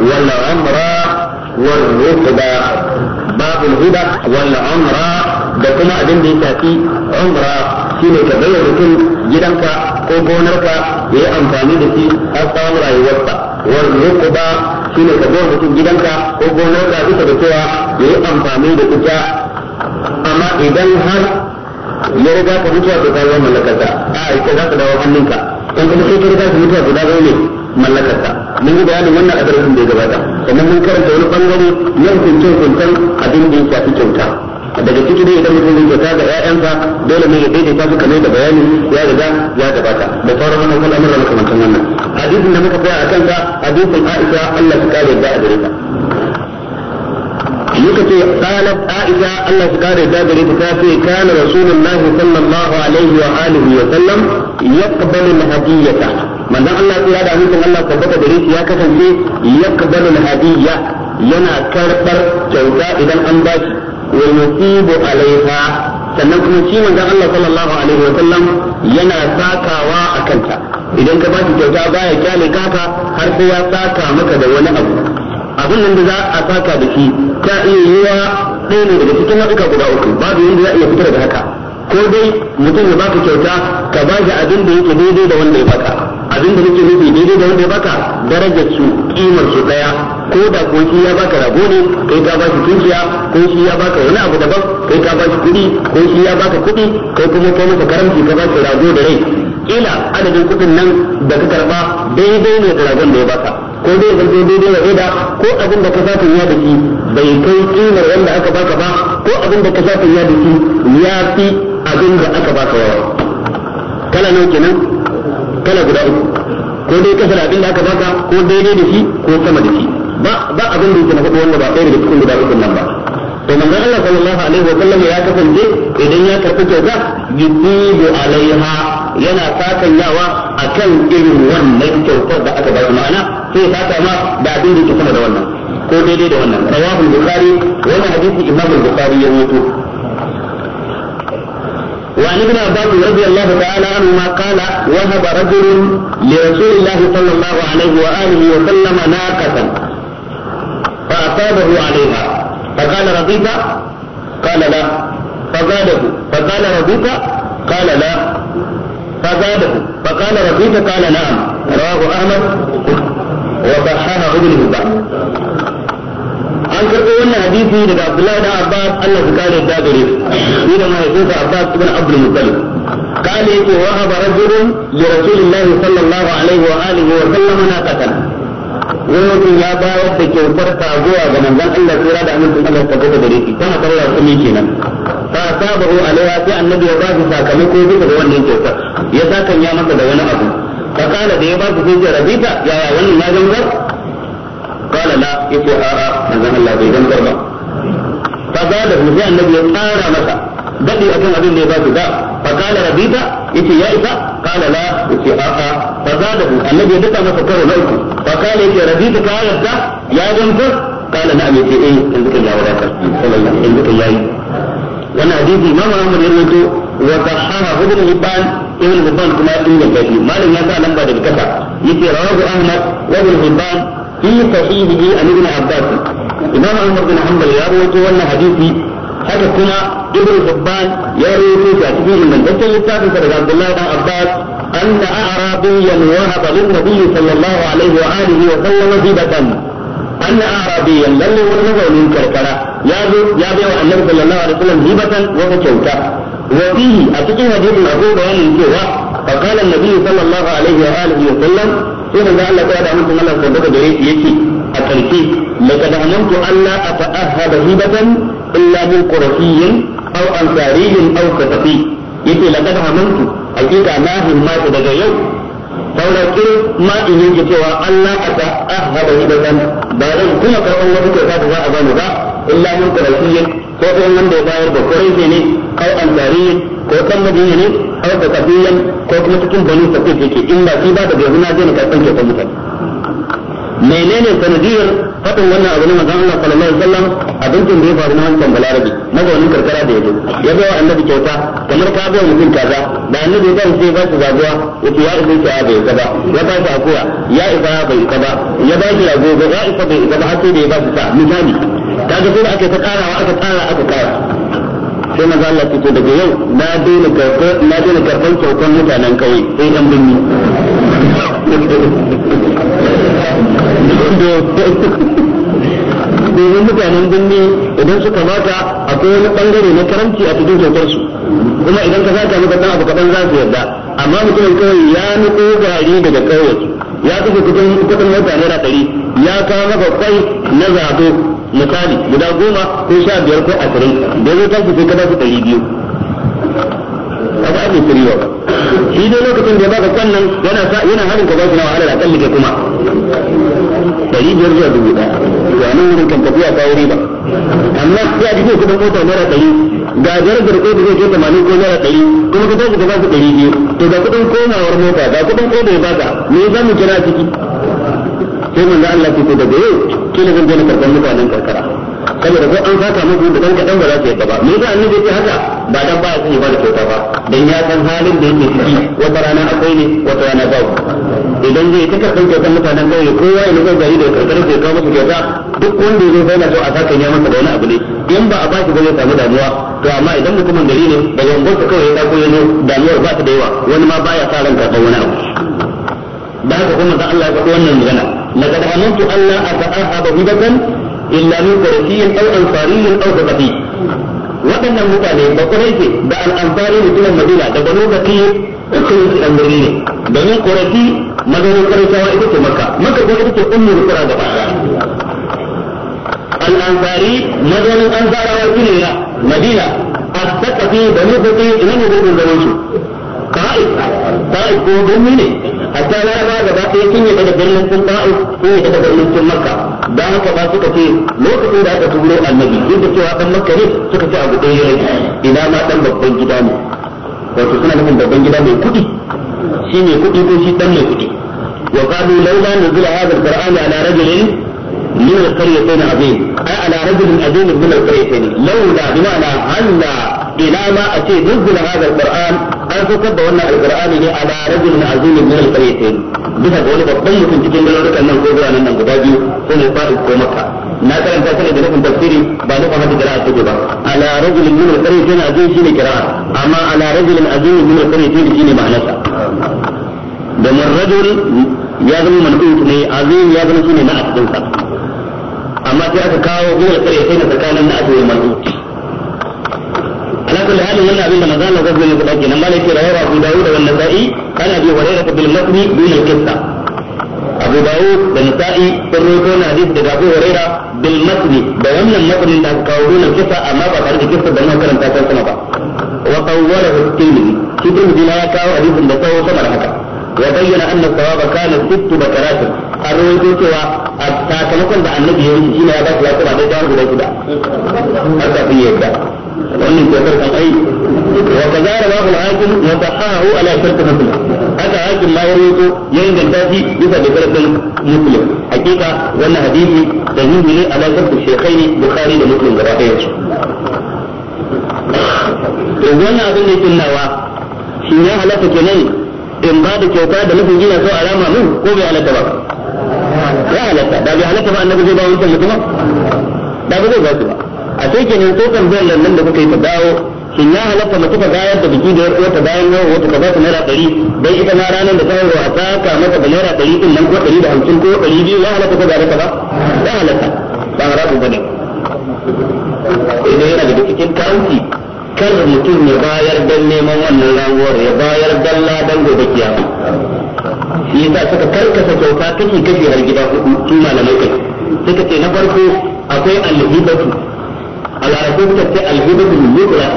والعمر والركبة باب الهدى والعمر da kuma abin da ya shafi umra shine ka bayar mutum gidanka ko gonarka ya yi amfani da shi har tsawon rayuwarsa wal rukuba shine ka bayar mutum gidanka ko gonarka bisa da cewa ya yi amfani da ita amma idan har ya riga ka mutuwa to ta zama mallakarsa a ita za ka dawo hannunka in sai ka riga ka mutuwa to ta zama ne mallakarsa mun yi bayanin wannan a da ya gabata sannan mun karanta wani bangare na hukuncin hukuncin abin da ya shafi kyauta daga ciki dai idan mutum zai kyauta ga ƴaƴansa dole ne ya daidaita su kamar da bayani ya riga ya gabata da sauran wannan al'amuran makamantan wannan hadisin da muka koya a kansa hadisin Aisha Allah ta kare da a gare ta muka ce qalat aisha Allah ta kare da gare ta ce kana rasulullahi sallallahu alaihi wa alihi wa sallam yaqbalu al-hadiyata manzon Allah ya da hukun Allah tabbata da shi ya kasance yaqbalu al-hadiyya yana karbar kyauta idan an ba shi wa yusibu alaiha sannan kuma shi manzon Allah sallallahu alaihi wa sallam yana sakawa a kanta. idan ka ba shi kyauta baya kyale kaka har sai ya saka maka da wani abu abin nan da za a saka da shi ta iya yiwa ɗaya ne daga cikin haɗuka guda uku babu yadda za a iya fitar da haka ko dai mutum ya baka kyauta ka ba shi abin da yake daidai da wanda ya baka abin da nake nufi daidai da wanda ya baka darajar su kimar su daya ko da ko shi ya baka rago ne kai ka bashi tunkiya ko shi ya baka wani abu daban kai ka bashi kuɗi ko shi ya baka kuɗi kai kuma kai maka karamci ka bashi rago da rai kila adadin kuɗin nan da ka karba daidai ne da ragon da ya baka ko dai zanto daidai wa da ko abin da ka satin ya da shi bai kai kimar wanda aka baka ba ko abin da ka satin ya da shi ya fi abin da aka baka yawa kala nan kenan kala guda uku ko dai kasar abin da aka baka ko daidai da shi ko sama da shi ba ba abin da yake na faɗo wanda ba ɗaya daga cikin guda uku nan ba to manzon Allah sallallahu alaihi wa sallam ya kasance idan ya karɓi kyauta yusibu alaiha yana sakanyawa akan irin wannan kyautar da aka bayar ma'ana sai ya saka ma da abin da yake sama da wannan ko daidai da wannan rawahu bukhari wannan hadisi imam bukhari ya rawaito وعن ابن عباس رضي الله تعالى عنهما قال وهب رجل لرسول الله صلى الله عليه واله وسلم ناقة فأصابه عليها فقال رضيت قال لا فزاده فقال رضيت قال لا فزاده فقال رضيت قال نعم رواه أحمد وصححه ابن هبان an karɓo wannan hadisi daga Abdullahi da Abbas Allah su kare da gare shi da mahaifinsa Abbas ibn Abdul Muttalib قال وهب رجل لرسول الله صلى الله wa وآله na ناقة wani mutum ya bayar da kyautar zuwa ga manzon Allah Sura da amincin Allah ta gaba gare shi tana tare da sunni kenan fa sabahu alaiha sai annabi ya ba su sakamako daga wannan kyautar ya sakan ya masa da wani abu fa kala da ya ba su sai rabita yaya wannan na gamsar قال لا يتي آآ أنا الله بيدن قربا فزاده زي النبي يتارى مسا دقي أكين أبين لي باسي دا فقال ربيتا يتي يا إسا قال لا يتي آآ فزاده النبي يدتا مسا كرو لوكو فقال يتي ربيتا قال دا يا جنكر قال نعم يتي إيه انذك يا وراك صلى الله انذك وسلم يا وانا حديثي ما محمد يرمتو وصححه ابن حبان ابن الهبان كما يقول ما لم يسأل لما ذكرها يتي رواه أحمد وابن الهبان في صحيحه عن ابن عباس إمام عمر بن حنبل يا رويته وأن حديثي هذا كما ابن حبان يا رويته كاتبين من تلك الكتاب عبد الله بن عباس أن أعرابيا وهب للنبي صلى الله عليه وآله وسلم هبة أن أعرابيا لم يولد من كركرة يا يا بي النبي صلى الله عليه وسلم هبة وتشوكة وفيه أتقي حديث أبو بيان الجوع فقال النبي صلى الله عليه وآله وسلم sai manzo Allah ya da mutum Allah ko daga gare shi yake a karshe laqad amantu alla ata'ahhada hibatan illa min qurasiyyin aw ansariyyin aw katafi yace laqad amantu hakika na himmatu daga yau saurakin ma in yake cewa Allah ata'ahhada hibatan ba zan kuma karɓar wata kyauta da za a bani ba illa min qurayshiyyin ko kuma wanda ya bayar da qurayshi ne aw ansariyyin ko kan madina ne aw sakafiyyan ko kuma cikin bani safif yake in ba shi ba da yanzu na je ne karban ke mutane menene sanadiyar fatan wannan abu ne manzon Allah sallallahu alaihi wasallam abincin da ya faru na wancan balarabi mazaunin karkara da yake ya ga annabi kyauta kamar ka ga mutum kaza da annabi zai sai ba su zaguwa yace ya isa ya bai kaza ya ba shi akuya ya isa bai kaza ya ba shi rago ya isa bai kaza har sai da ya ba su ta misali kaga sai da aka ta karawa aka kara aka kara sai maza Allah ce daga yau na daina karfan na daina karfan kyautar mutanen kauye sai dan binni domin mutanen binni idan suka mata akwai wani bangare na karanci a cikin kyautar su kuma idan ka zaka maka dan abu kadan za su yarda amma mutumin kauye ya nuko gari daga kauye ya kuka kudin kudin mota naira ɗari ya kawo maka kwai na zato misali guda goma ko sha biyar ko ashirin da zai tashi sai ka ba su ɗari biyu a ga mai shirya ba shi dai lokacin da ya baka kan nan yana yana harin ka ba su na wahala da kalli ke kuma ɗari biyar zuwa dubu ɗaya to a nan wurin kan tafiya ta wuri ba amma sai a jiye zai kudin mota naira ɗari ga darajar ko da zai kai tamanin ko naira ɗari kuma ka tashi ka ba su ɗari biyu to ga kuɗin komawar mota ga kuɗin ko da ya baka me za mu kira ciki sai manzo Allah ke daga yau kila zan daina karban mutanen karkara saboda ko an saka musu da dan kadan ba za su yadda ba me yasa annabi yake haka ba dan ba su ba da kyauta ba dan ya san halin da yake ciki wata rana akwai ne wata rana babu idan zai ta karban kyautar mutanen kauye kowa ya nufa gari da karkara sai kawo musu kyauta duk wanda ya zo sai na so a saka ya masa da wani abu ne in ba a ba shi ba zai samu damuwa to amma idan mutumin gari ne daga unguwarsa kawai ya ta koyo damuwar ba ta da yawa wani ma baya sa ran karban wani abu da haka kuma da Allah ya faɗi wannan magana لقد ظننت أن أتأهب هبة إلا من قرشي أو أنصاري أو ثقفي waɗannan mutane ba kuraishi da al'amfari mutumin madina daga banu sun yi ɗanɗari ne domin kuraishi mazaunin kuraisawa ita ce maka maka kuma ita ce ummul qura da ba al'amfari mazaunin ansarawa shine madina a sakafi banu baki ina ne gurbin zaman su ta'if ta'if ko birni ne hatta ba gaba ɗaya sun yi daga birnin sun ta'if sun yi daga birnin sun makka don haka ba suka ce lokacin da aka turo annabi duk da cewa dan makka ne suka ce abu ɗaya ne ina ma dan babban gida ne wato suna nufin babban gida mai kuɗi shi mai kuɗi ko shi dan mai kuɗi wa qalu laula nuzila hadha alquran ala rajulin من القريتين عظيم أي على رجل عظيم من القريتين لولا بمعنى أن ina ma a ce nuzula hadal qur'an an saukar da wannan alqur'ani ne ala rajul azimin min alqaryatayn bisa ga wani babban mutum cikin garurukan nan ko biranen nan guda biyu ko mai fa'i ko makka na karanta sai da nufin tafsiri ba nufin hadda da take ba ala rajul min alqaryatayn azim shine qira'a amma ala rajul azim min alqaryatayn shine da domin rajul ya zama man'ut ne azim ya zama shine na asbinsa amma sai aka kawo gowar sai na tsakanin na asbin man'ut ala kulli halin wannan abin da manzo Allah zai yi faɗa kenan malai ce rawahu Abu Dawud wa Nasa'i kana bil dun al qissa Abu Dawud da Nasa'i sun rawaito na hadisi daga Abu bil da wannan da kawo dun al qissa amma ba tare da qissa da karanta ya kawo hadisin da sama da haka وبين أن الثواب كان ست بكرات da annabi ya yi shi ne ya ba su da yadda wannan kyautar kan ai wa kazara ba al-hakim wa sahahu ala shart muslim haka hakim ma yayi ya inganta shi bisa da sharadin muslim hakika wannan hadisi da ne ala shart shaykhaini bukhari da muslim gaba daya su to wannan abin da yake nawa shi ya halatta kenan in ba da kyauta da nufin gina so alama mun ko bai halatta ba ya halatta da bai halatta ba annabi zai ba wancan mutum ba da ba zai ba su ba a sai kenan ko zai lallan da kuka yi ta dawo shin ya halatta mace ta bayar da biki da ya uwarta bayan yau wata ka ba ta naira ɗari dai ita ma ranar da ta haihuwa a saka mata da naira ɗari ɗin nan ko ɗari da hamsin ko ɗari biyu ya halatta ko gare ta ba ya halatta ba rabu ba ne idan yana daga cikin kaunti kar mutum ya bayar dan neman wannan ramuwar ya bayar dan ladan gobe kiyama shi yasa suka karkasa kyauta kashi kashi har gida hudu su malamai kai suka ce na farko akwai alhibatu a larabin tafi alhibatun mubra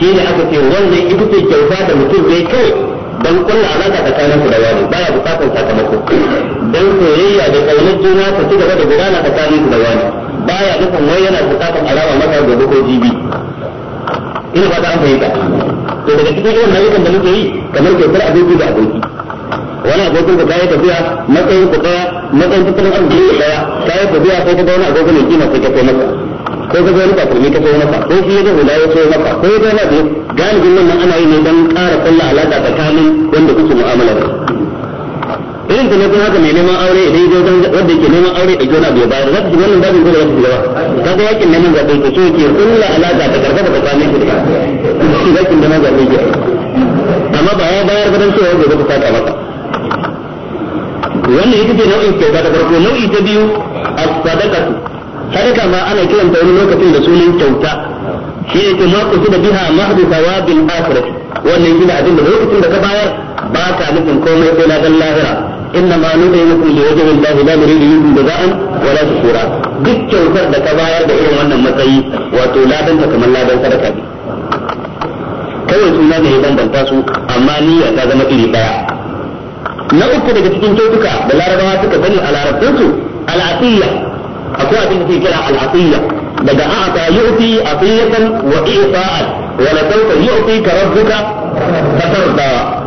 shi ne aka ce wannan ita ce kyauta da mutum zai kai don kulla alaka tsakanin su da wani baya bukatar sakamako don soyayya da kaunar juna ta ci gaba da gudana tsakanin su da wani baya nufin wai yana bukatar alama masa da ko jibi ina ba ta an fahimta to daga cikin irin nau'ikan da muke yi kamar ke kyautar abinci da aboki wani abokin ka kayi tafiya matsayin ku daya matsayin tattalin arziki ku daya kayi tafiya sai ka ga wani abokin ya kima sai ka kai masa ko ka wani kurmi ta ko masa ko shi ya ga hula ya ce masa ko ya ga wani galibin nan ana yi ne don ƙara kulla alaƙa tsakanin wanda kuke mu'amala da irin ta ne haka mai neman aure idan ya wanda yake neman aure da jona bai bayar za ta wannan babin ko da za ta shiga ba kaga yakin neman zaɓe ke so ke kulla alaƙa ta karfafa tsakanin shi da yakin neman zaɓe ke amma ba ya bayar ba don cewa gobe ku saka masa wannan ita ce nau'in kyauta ta farko nau'i ta biyu a sadaqatu sadaka ma ana kiranta wani lokacin da sunan kyauta shi ne ke maku su da biha mahdu sawabil akhirah wannan gina abin da lokacin da ka bayar ba ka nufin komai sai na dan lahira inna ma nuna yi mutum da wajen Allah la nuridu yudu da za'an wala shukura duk kyautar da ka bayar da irin wannan matsayi wato ladan ta kamar ladan sadaka ne kawai suna ne ya bambanta su amma niyya ta zama iri daya na uku daga cikin kyautuka da larabawa suka bani a larabtansu al'atiyya أكاثم في كلا العطية لك أعطى يعطي عطية وإعطاء ولسوف يعطيك ربك فترضى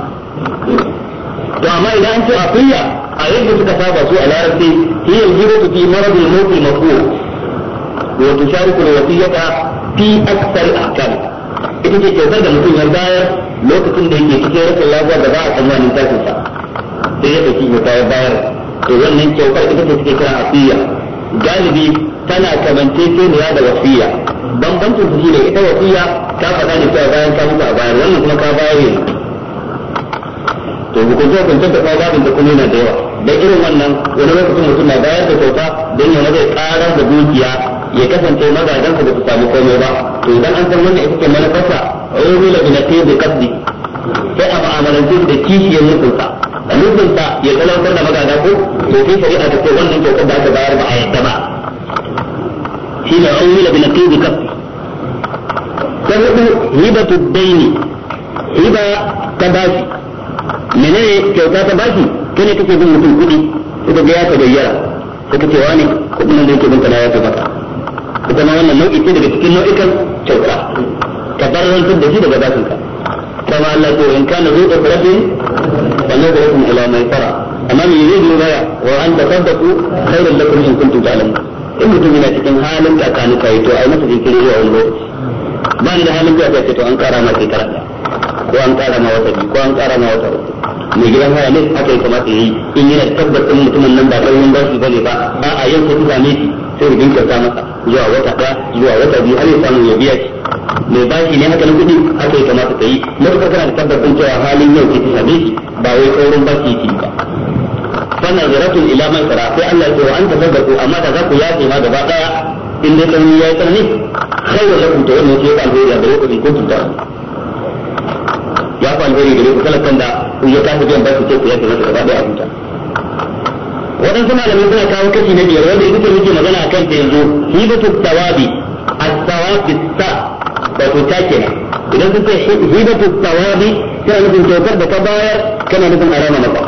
وما إذا أنت عطية أعيد بك فابا سوء الأرضي هي الجيرة في مرض الموت المفهوم وتشارك الوصية في أكثر الأحكام إذا كنت تزد مثل المدايا لو تكون ده يتكير في الله وضع أمام الانتاج الفا تجد في المدايا باير وأن أنت وقال إذا كنت تكون عطية galibi tana kamance keniya da wasiya bambancin su shine ita wasiya ta faɗa ne cewa bayan ta mutu a bayan wannan kuma ka bayar yanzu to hukunce hukuncen da kuma babin da kuma yana da yawa dan irin wannan wani lokacin mutum na bayar da kyauta don ya zai karar da dukiya ya kasance ka da su samu komai ba to idan an san wannan ita ke manufarsa rubula bi nasibi qasdi sai a mu'amalance da kishiyar mutunta nufin sa ya talautar da magada ko to sai shari'a ta ce wannan kyautar da aka bayar ba a yadda ba shi ne an yi da binakin bi kafi ta hudu ribatu daini riba ta bashi menene kyauta ta bashi kene kake bin mutum kuɗi suka ga ya ka gayyara suka ce wani kuɗin da yake bin kana ya ka baka ita ma wannan nau'i ce daga cikin nau'ikan kyauta ka barantar da shi daga bashinka kama Allah ko in kana zo da rabin فنظرة إلى ميسرة أما من يريد الغاية وأن تصدقوا خيرا لكم إن كنتم تعلمون in mutum yana cikin halin da aka nuka yi to ai masa jinkiri zuwa wani lokaci ba ni da halin da aka ce to an kara ma ko an kara ma wata ko an kara ma wata mai gidan haya ne aka yi kamata yi in yana tabbatin mutumin nan ba ba ba a yau ka tuka ne sai rubin kyauta masa zuwa wata ɗaya zuwa wata biyu har ya samu ya biya shi mai bashi ne haka na kuɗi haka ya kamata ka yi matuƙar kana da tabbatar cewa halin yau ke tisa same ba wai saurin bashi ke ba fana zaratun ila man sara sai Allah ya ce wa an ta tasaddaqu amma da za ku yafe ma gaba ɗaya in dai tsanani ya yi tsanani khairu lakum to wannan ke ba alheri da lokacin kuntum ta ya fa alheri da lokacin da ya tafi biyan bashi ko ku yafe masa gaba ɗaya a huta waɗansu malamai suna kawo kashi na biyar wanda ita muke magana akan ta yanzu hibatu tawabi as-sawabi sa wato ta kenan idan sun ce hibatu tawabi tana nufin kyautar da ka bayar kana nufin a rama maka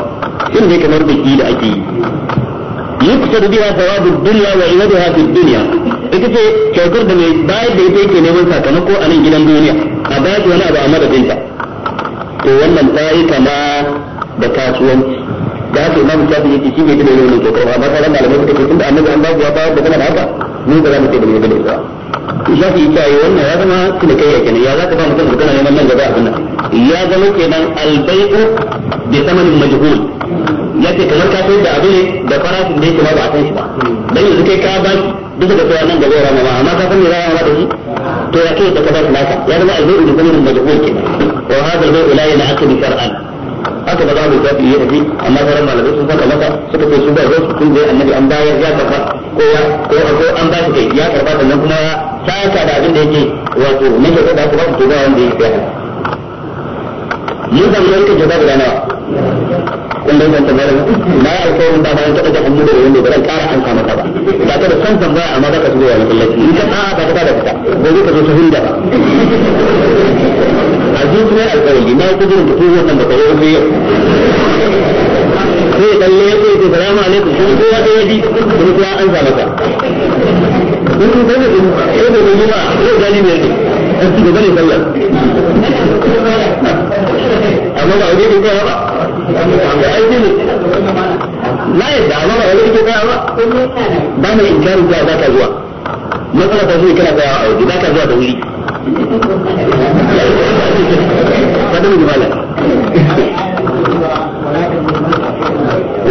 shin dai kamar biki da ake yi da biha thawabu dunya wa iwaduha fi dunya ita ce kyautar da mai bayar da ita yake neman sakamako a nan gidan duniya a bayar wani abu a madadinta to wannan ta yi kama da kasuwanci da haka imamu shafi yake shi ne gina yau ne tokar amma sauran malamai suka ce tunda annabi an babu ya bayar da magana haka ni ba za mu ce da ne gane ba shafi ya ce wannan ya zama kuma kai ya kenan ya za ka ba mutum magana neman nan gaba abin nan ya zama kenan albai'u bi samanin majhul ya ce kamar ka sayar da abu ne da farashin da yake ma ba a san shi ba dan yanzu kai ka ba duk da cewa nan gaba ya rama amma ka san me za a da shi to ya kai da ka ba shi naka ya zama albai'u bi samanin majhul kenan wa hadha albai'u la bi shar'an haka ba za mu zafi yi tafi amma sauran malamai sun saka masa suka ce su ba zo su tun annabi an bayar ya karba ko ya ko ko an ba shi kai ya karba sannan kuma ya saka da abin da yake wato ne ke da kuma to ba wanda yake da mun san mun kaje babu da nawa kun dan ta tabbara na ya ko mun ba ba ta da hannu da wanda ba zan kara an kama ka ba da ka da san tambaya amma da ka zo ya masallaci in ka ba ka da ka gobe ka zo su hinda ba aji kuma alƙawari na ku gurin mutum wannan ba kare wani yau sai dan ne ce salamu alaikum kuma ko wata yaji kuma kuma an zama ka kun kun sai da kun sai da kun ba sai da ni ne an ci gaba ne sallah amma ba wani kun ba da aiki ne la yadda amma ba wani kun ba ba matsala ta shi kana tsayawa a waje ba ka zuwa da wuri ka da mala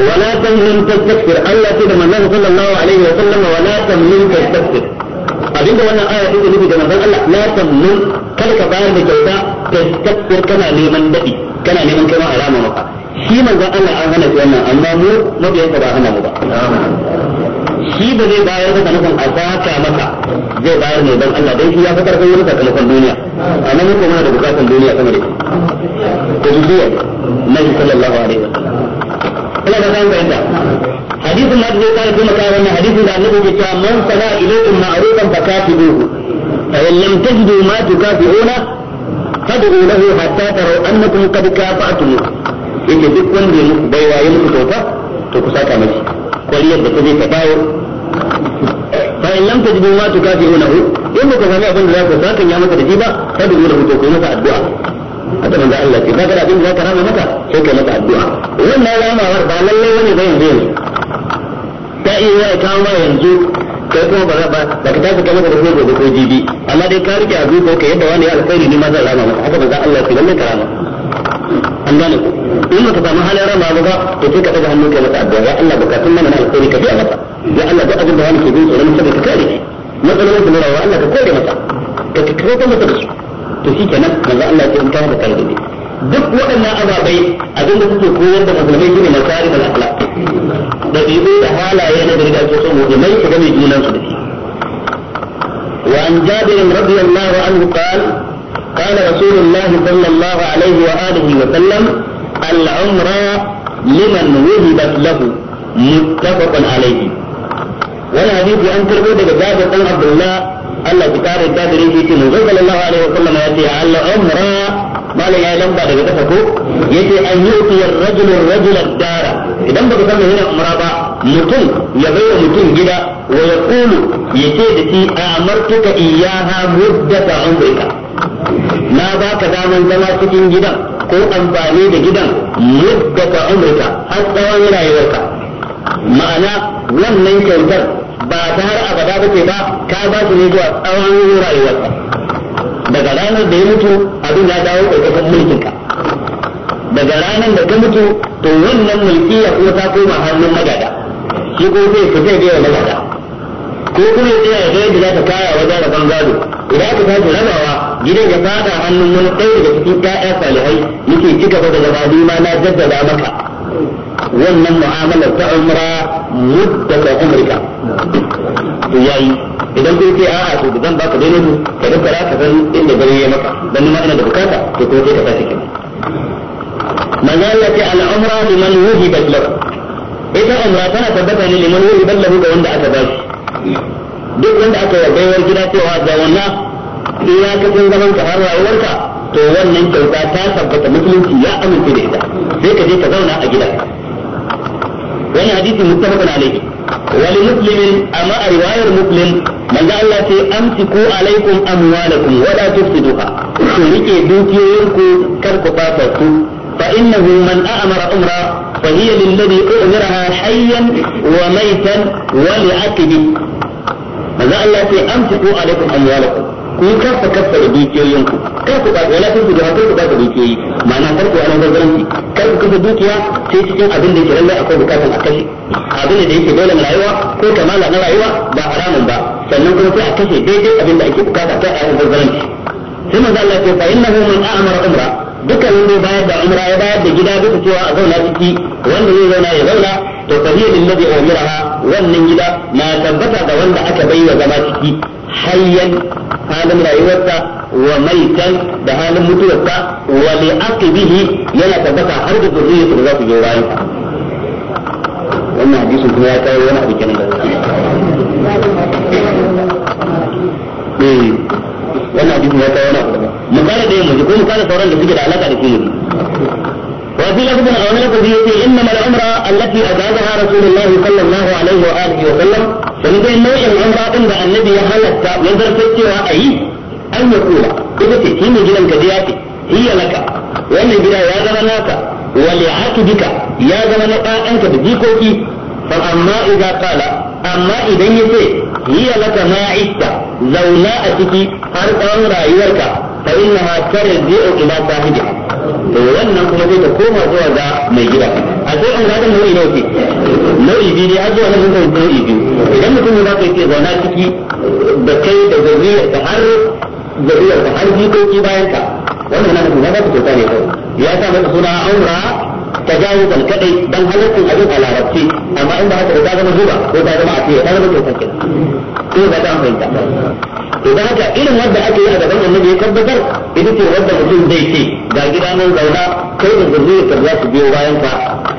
ولا تمنن تستكبر الله سيدنا الله صلى الله عليه وسلم ولا تمنن تستكبر abinda wannan aya nufi da manzon Allah la nan kada ka bayar da kyauta tastakbir kana neman dadi kana neman kai ma alama maka shi manzon Allah an hana shi wannan amma mu a ba hana mu ba shi ba zai bayar da sakamakon a saka maka zai bayar ne dan Allah don shi ya fakar kan wani sakamakon duniya a nan ko mana da bukatan duniya sama da ko dubiya nabi sallallahu alaihi wasallam kula da kan bayyana hadisin da zai kare kuma kai wannan hadisin da annabi ke cewa man sana ilaykum ma'rufan fakatibuhu fa in lam tajidu ma tukafi'una fad'u lahu hatta taraw annakum qad kafa'tum yake duk wanda ya muku baiwa ya muku kyauta to ku saka mashi kwariyar da kaje ka dawo fa in lam tajidu ma tukafirunahu in baka sami abin da za ku sakan ya maka da shi ba kada ku rubuta ku masa addu'a haka manzo Allah ce kaga abin da zaka rama maka sai kai masa addu'a wannan ramawar ba lalle wani zai yanzu ne ta iya ya kawo ma yanzu kai kuma ba ba ba ka tafi kamar da gobe ko jibi amma dai ka rike a zuciya ka yadda wani alkhairi ne ma zan rama maka haka manzo Allah ce lallai ka rama an gane ku in baka samu halin rama ba to sai ka daga hannun kai masa addu'a ya Allah bukatun mana na alkhairi ka biya masa ya Allah duk abin da wani ke bin tsoron saboda ka kare shi matsalolin su na rawa Allah ka kore masa ka kare masa da su to shi kenan manzo Allah ya in kana da kai duk waɗannan ababai abin da suke koyar da musulmai shine masarif al-akhlaq da bibi da halaye na daga cikin su musulmai su ga mai junan su da shi وعن جابر رضي الله عنه قال قال رسول الله صلى الله عليه وآله وسلم العمرة لمن وهبت له متفق عليه ولا حديث أن تربوت جابر بن عبد الله ألا كتاب الجابر يجي نزول صلى الله عليه وسلم يأتي على عمرة ما لا يعلم بعد كتفك يأتي أن يؤتي الرجل الرجل الدار إذا بدك تسمى هنا عمرة متن يبيع متن كده ويقول يتيدتي أمرتك إياها مدة عمرك na ba ka daman zama cikin gidan ko amfani da gidan mudda ka umurka har tsawon rayuwarka ma'ana wannan kyautar ba ta har abada ba ke ba ka ba su ne zuwa tsawon rayuwarka daga ranar da ya mutu abin ya dawo ƙarƙashin mulkinka daga ranar da ka mutu to wannan mulkiya kuma ta koma hannun magada shi ko zai fita da yawa magada ko kuma ya tsaya ya ga da za ta kaya wajen rabon gado idan aka tashi rabawa gidan ya bada hannun wani ɗaya daga cikin ƴaƴa salihai yake ci gaba da gaba ma na jaddada maka wannan mu'amalar ta umra mudda ta umrika to yayi idan kai ce a'a to zan baka daidai mu ka duka za ka san inda gari ya maka dan ma ina da bukata to ko sai ka tashi kin manzo al-umra liman wujibat lak ita umra tana tabbata ne liman wujibat lahu ga wanda aka ba shi duk wanda aka yi baiwar gida cewa ga wannan iyakacin zaman ka har rayuwarka to wannan kyauta ta tabbata musulunci ya amince da ita sai ka je ka zauna a gida. wani hadisi muttafaqun alayhi wali muslimin amma a riwayar muslim manzo Allah ce amsiku alaikum amwalakum wala tufsiduha ku rike dukiyoyinku kar ku fasa su fa innahu man a'mara umra fa hiya lilladhi umiraha hayyan wa maytan wa li'aqibi manzo Allah ce amsiku alaikum amwalakum ku yi kafa kafa da dukiyoyin ku kafa ba wala kun gudu ka ku ba dukiyoyi ma'ana kar ku anan gargaranci kar ku kafa dukiya sai cikin abin da yake lalle akwai bukatun a kashe abin da yake dole na rayuwa ko kamala na rayuwa ba haramun ba sannan kuma sai a kashe daidai abin da ake bukata ta anan gargaranci sai manzo Allah ya ce fa innahu min a'mara umra dukkan wanda ya bayar da umra ya bayar da gida duka cewa a zauna ciki wanda zai zauna ya zauna to fa hiya lillazi umiraha wannan gida na tabbata ga wanda aka bai wa zama ciki hayyan halin rayuwarsa wa maitan da halin mutuwarsa wa li aqibihi yana tabbata har da zuriyarsa da za su je rayu wannan hadisin kuma ya kawo wani abu kenan da eh, wannan hadisin ya kawo wani abu mu fara da yin yamma ko mu fara sauran da suke da alaka da shi وفي لفظ أو لفظ إنما العمرة التي أجازها رسول الله صلى الله عليه وآله وسلم فلذا نوع العمرة عند النبي حلت نظر تسوى أي أن يقول كتبت هي مجلا كدياتي هي لك وأن بلا يا زمناك ولعاقبك يا زمن أنت بديكوكي فأما إذا قال أما إذا يسي هي لك ما عدت زولاء تكي أنت عمرة يورك فإنها ترجع إلى صاحبها to wannan kuma sai ta koma zuwa ga mai gida a sai an gadan nau'i nawa nau'i biyu ne har zuwa nan sun nau'i biyu idan mutum ya zaka yake zauna ciki da kai da zuriyar ta har zuriyar ta har jikoki bayan ka wannan na mutum ya zaka kyauta ne kawai ya sa masa suna aura tajawuzan kadai dan halaccin abin a larabci amma in ba haka da ta zama zuba ko ta zama a fiye ta zama kyautar kai ko ba ta fahimta to da haka irin wanda ake yi a gaban annabi ya tabbatar ita ce wanda mutum zai ce ga gida nan zauna kai da zuriyar ka za su biyo bayan ka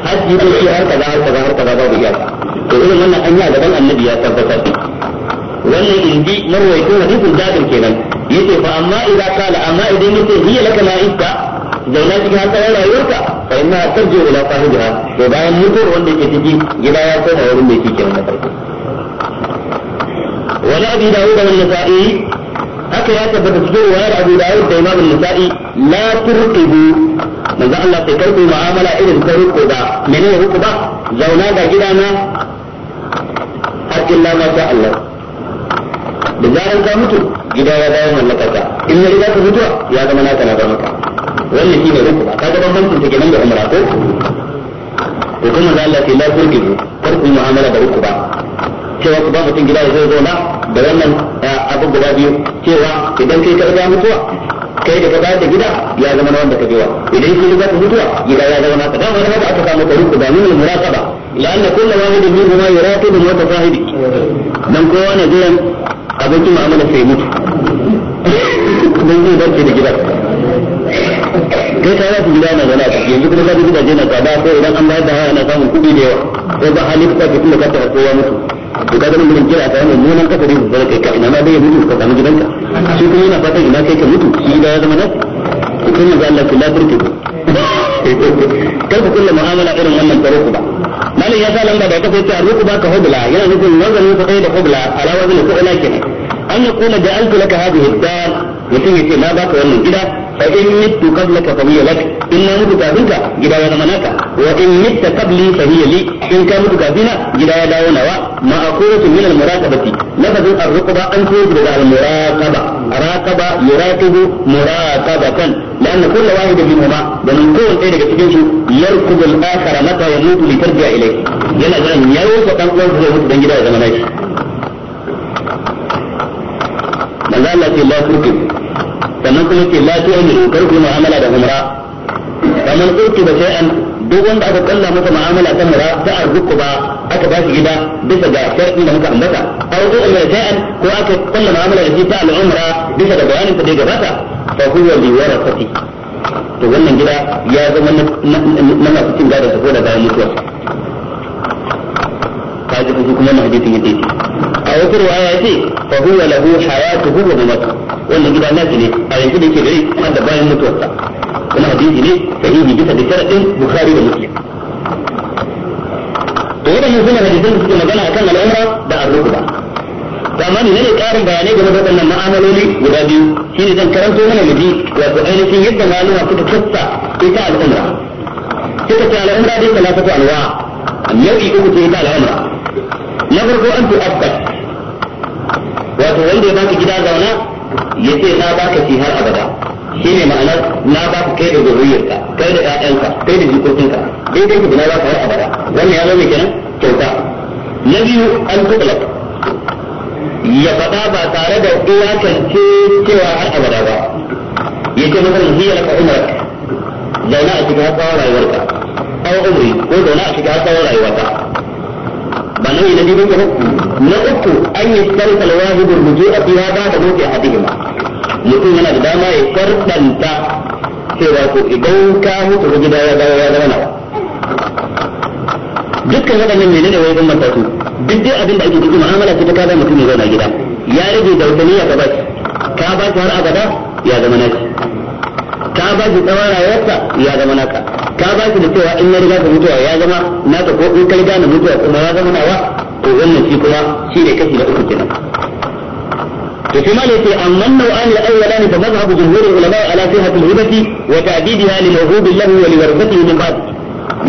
har ji ko har kaza har kaza har kaza babu iyaka to irin wannan an yi a gaban annabi ya tabbatar wannan inji marwaito hadisin jabir kenan yace fa amma idan kala amma idan yace hiya laka ma'ika zauna cikin hasarar rayuwarka فإنها ترجع إلى صاحبها وبعد to bayan mutuwar wanda yake ciki gida ya koma wurin da yake na haka ya tabbata cikin riwayar abu dawud da imam an-nasa'i la turqibu manzo Allah sai karku mu'amala irin ta ruku ba menene ruku ba zauna ga gida na har illa ma sha Allah da zaran ka mutu gida ya dawo mallaka in ya riga ka ya zama naka na zama ka wannan shine uku ba kaga bambancin take nan da umra ko to kuma da Allah ke la furgizu kar ku mu'amala da uku ba cewa ku ba mutum gida ya zo na da wannan eh, abu guda biyu cewa idan kai ka riga mutuwa kai da ka bayar da gida ya zama na wanda ka biwa idan shi riga ka mutuwa gida ya zama naka dama da haka aka samu taruku da nuna muraqaba la'anna kullu wahidin minhum yuraqibu mutasahibi dan kowa ne jiran abokin mu'amala sai mutu dan zai dace da gidan kai ta za ku gida na zana ku yanzu kuma za ku gidaje na tsada ko idan an bayar da haya na samun kuɗi da yawa ko ba hali ka ke tunda ka taɓa kowa mutu to ka zama mun kira ka mun nan kasari su zara kai ka ina ma dai ya mutu ka samu gidanka shi kuma yana fatan ina kai ka mutu shi gida ya zama nan ku kuma ga Allah ku lafirki kar ku kulla mu'amala irin wannan tsaro ku ba malin ya sa lamba da kafa yace arruku ba ka hubla yana nufin wazanin ku da hubla ala ku ila kenan an yakuna ja'altu laka hadhihi dar mutum ya ce na baka wannan gida fa in mittu qablaka fa hiya lak in na mutu kafin ka gida ya zama naka wa in mitta qabli fa hiya li in ka mutu kafina gida ya dawo nawa ma aqulatu min al muraqabati lafazin ar-ruqba an ko daga al muraqaba raqaba yuraqibu muraqabatan لأن كل واحد منهما ومن كل ɗaya daga cikin su yarkubu al-akhar mata wa mutu li tarji'a ilayhi yana zan yawo ka dan uwan zai mutu dan gida ya zama nashi manzo Allah ce la tuqi sannan kuma ce la tu'minu kar ku mu'amala da umra kamar uki ba an duk wanda aka kalla masa mu'amala ta umra ta arzuku ba aka ba shi gida bisa ga shar'i da muka ambata aw umra shay'an ko aka kalla mu'amala da shi ta al'umra bisa ga bayanin da ya gabata fa huwa li warasati to wannan gida ya zama na masu cin gadon sa ko da bayan mutuwa kaji kuma na hadisin yake أو في رواية دي فهو له حياة هو بمكة ولا جدا ناكلي أو يقول لك بعيد قد باين متوسط ولا حديث لي فهيه جدا بسرعة بخاري ومسلم وإذا من ثم حديثين في مجال أكان العمرة بقى الرقبة فأمان إنه كارم بياني جمدة أن ما عملوا لي إذا وبعدين سيني ذنكرمتوا هنا مدي جدا في يد مالوها كتب خصة إتاء العمرة كتب على العمرة دي ثلاثة أنواع النوعي أبو تهيدا العمرة na farko an tu'abbad wato wanda ya baka gida zauna ya ce na baka shi har abada shi ne ma'ana na baka kai da zuriyarka kai da ƴaƴanka kai da jikokinka dai dai ku na baka har abada wannan ya zama kenan kyauta na biyu an tutlaq ya faɗa ba tare da iyakance cewa har abada ba ya ce maka hiyar ka umar zauna a cikin har rayuwarka aw umri ko zauna a cikin har tsawon rayuwarka ba nau'i na biyu kenan na uku an yi sarka alwahidu a fiha ba da mutu hadihima mutum yana da dama ya farɗanta cewa ko idan ka mutu ko gida ya dawo ya zama nawa dukkan waɗannan ne wai bambanta su duk dai abin da ake duk mu'amala ce ta kaza mutum ya zauna gida ya rage da wata niyya ka ba ka ba har abada ya zama naci ka ba shi tsawon rayuwarsa ya zama naka ka ba shi da cewa in ya riga ka mutuwa ya zama naka ko in ka riga na mutuwa kuma ya zama nawa to wannan shi kuma shi ne kashi da uku kenan to sai malai sai amma nau'ani al-awwalani fa mazhabu jumhurul ulama ala sihhatil hibati wa ta'didiha li mawhubi lahu wa li warithatihi min ba'd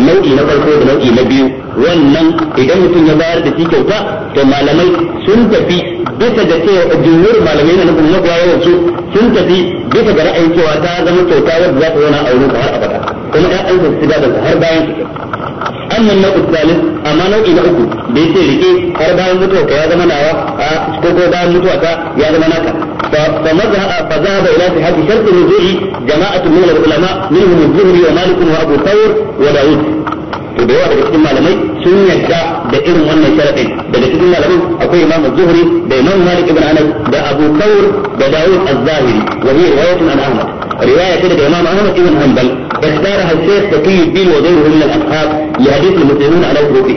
nau'i na farko da nau'i na biyu wannan idan mutum ya bayar da shi kyauta to malamai sun tafi bisa da cewa jumhur malamai na nufin mafiya yawan su sun tafi bisa da ra'ayin cewa ta zama kyauta wadda za ta zauna a wurin kamar abada kuma ya an su da har bayan su annan na usalis amma nau'i na uku da yake rike har bayan mutuwa ka ya zama nawa a koko bayan mutuwa ka ya zama naka fa fa ila fi فمذهب فذهب الى صحه شرط الرجوع جماعه zuhri wa منهم wa abu وابو wa da'ud to da yawa daga cikin malamai sun yarda da irin wannan sharadin daga cikin malamai akwai imamu zuhri da imam malik ibn anas da abu kawr da dawud az-zahiri wa hiya riwayatun an ahmad riwaya ce daga imam ahmad ibn hanbal اختارها الشيخ تقي الدين وغيره من الاصحاب لحديث المسلمون على الكوفي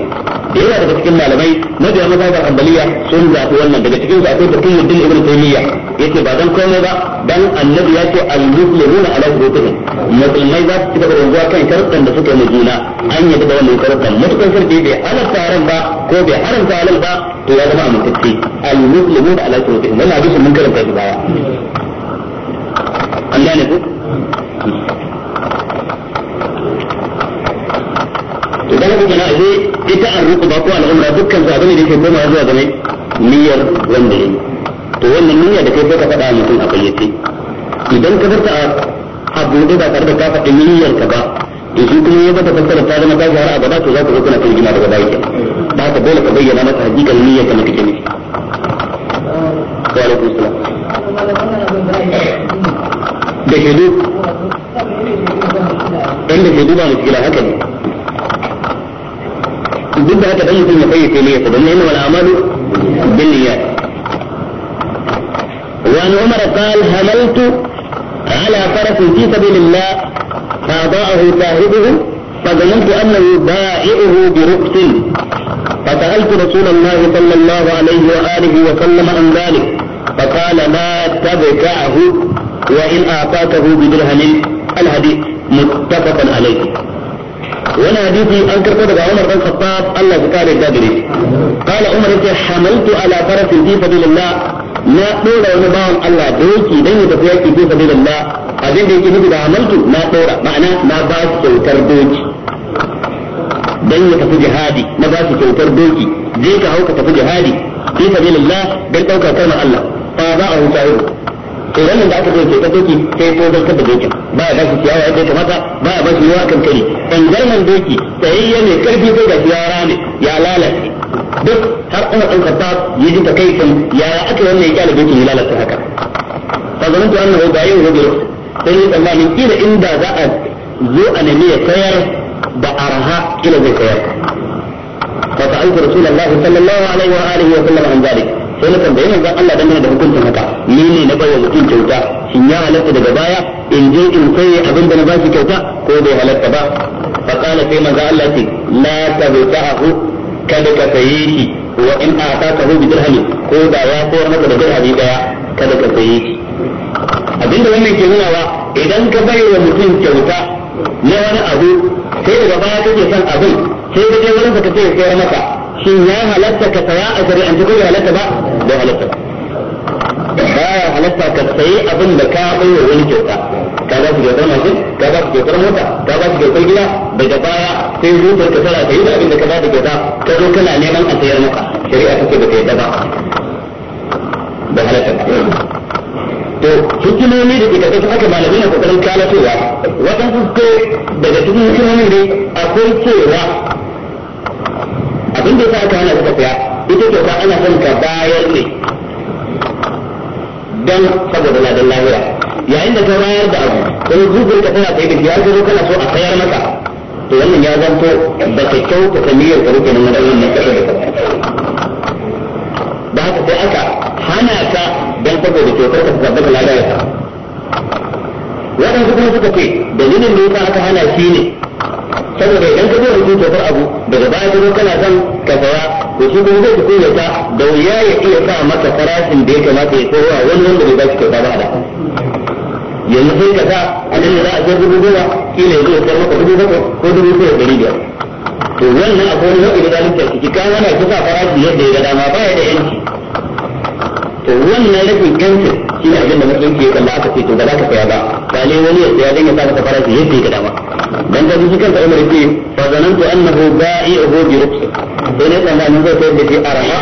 da yawa daga cikin malamai mabiya mazhabar hanbaliya sun zafi wannan daga cikin su akwai bakiyuddin ibn taymiya yace ba dan komai ba dan annabi ya ce al-muslimuna ala shurutihim musulmai za su ci gaba da zuwa kan sharuɗan da suka yi juna an yadda da wannan karukan mutukan sarki bai halatta ran ba ko bai haramta halal ba to ya zama amintacce al-muslimun ala shurutihim wannan hadisin mun karanta shi baya an gane ku to dan ku na je ita arruku ba ko al-umra dukkan su abin da yake koma zuwa ga mai niyyar wanda yake to wannan niyya da kai ka faɗa mutum a bayyace idan ka farta abu da ba tare da ka faɗi niyyar ka ba in shi kuma ya bata fassara ta zama ta har abada to za ku zo kuna kan jima daga baya kenan ba ka dole ka bayyana masa hakikar niyyar da mutum ne wa alaikum salam da shaidu inda shaidu ba mutum haka ne duk da haka dan mutum ya fayyace niyyarsa don nema wal amalu bin niyyat وعن عمر قال هملت على فرس في سبيل الله خاضعه صاحبهم فظننت انه بائعه برخص فسالت رسول الله صلى الله عليه واله وسلم عن ذلك فقال لا تبتعه وان اعطاكه بدرهم الحديث متفقا عليه وانا هديتي انكر قد عمر بن الخطاب الله تعالى الدابري قال عمر انت حملت على فرس في سبيل الله لا دولة ونباهم الله دوكي دين تفياكي في سبيل الله abin da yake nufi da amaltu na dora ma'ana na ba su kyautar doki dan ya tafi jihadi na ba su kyautar doki je ka hau ka tafi jihadi fi sabilillah dan dauka kalmar Allah fa za a huta yau idan da aka zai kyautar doki sai ko zartar da dokin ba ya bashi ciyawa yadda ya kamata ba ya bashi ruwa kan kari dan garman doki tsayayye mai karfi sai ga ciyawa ne ya lalace duk har Umar ɗan Khattab ya ji takaicin yaya aka wannan ya kyale dokin ya lalace haka fa zamantu annahu bayyana rajulun sai yi tsammanin kila inda za a zo a nemi ya sayar da araha kila zai sayar fa sa'altu rasulullahi sallallahu alaihi wa alihi wa sallam an zalik sai na tambaye manzon Allah dangane da hukuncin haka ni ne na bayar mutum kyauta shin ya halatta daga baya in je in saye abin da na bashi kyauta ko bai halatta ba fa kana sai manzon Allah ce la tabta'ahu kada ka saye shi wa in a'takahu bi dirhami ko da ya sayar maka da dirhami daya kada ka saye shi abinda wannan ke nuna ba idan ka bai wa mutum kyauta na wani abu sai daga baya kake son abin sai ka je wurin ka ce sai maka shin ya halatta ka saya a shari'ance ko ya halatta ba bai halatta ba baya halatta ka sayi abin da ka bai wa wani kyauta ka ba su kyautar mashin ka ba su kyautar mota ka ba su kyautar gida daga baya sai zuwa ka tara ka yi da abin da ka ba da kyauta ka zo kana neman a sayar maka shari'a take ba ta yadda ba da ba. to hikimomi da ke su haka malamai na kokarin kalatowa wata fusko daga cikin hikimomi ne akwai cewa abin da ya sa aka hana ka tafiya ita ce ba ana son ka bayar ne dan saboda ladan lahira yayin da ka bayar da abu kuma zuciyar ka tana kai da biyar zo kana so a sayar maka to wannan ya zanto ba ka kyauta ta miyar ka rukunin na wannan na kasa da ba haka sai aka hana ka dan saboda kyautar ka samu da lada ya samu waɗansu kuma suka ce dalilin da yasa aka hana shi ne saboda idan ka zo da kyautar abu daga baya ka zo kana son ka saya to shi kuma zai fito ta da wuya ya iya sa maka farashin da ya kamata ya kowa wani wanda bai ba shi kyauta ba a da yanzu sai ka sa a nan za a je dubu goma kila ya zo ya maka dubu bakwai ko dubu ko da ɗari biyar to wannan akwai wani wani da zalunci a ciki kawo na kusa farashi yadda ya ga dama baya da yanci to wannan rashin yanci shi ne abin da musulunci ya kalla aka ce to ba za ka saya ba ba ne wani ya saya dan ya sa maka farashi yadda ya ga dama dan ka shi kanka Umar ce fa zanantu annahu ba'i'uhu bi rukhsa sai ne kan nan zai da shi arha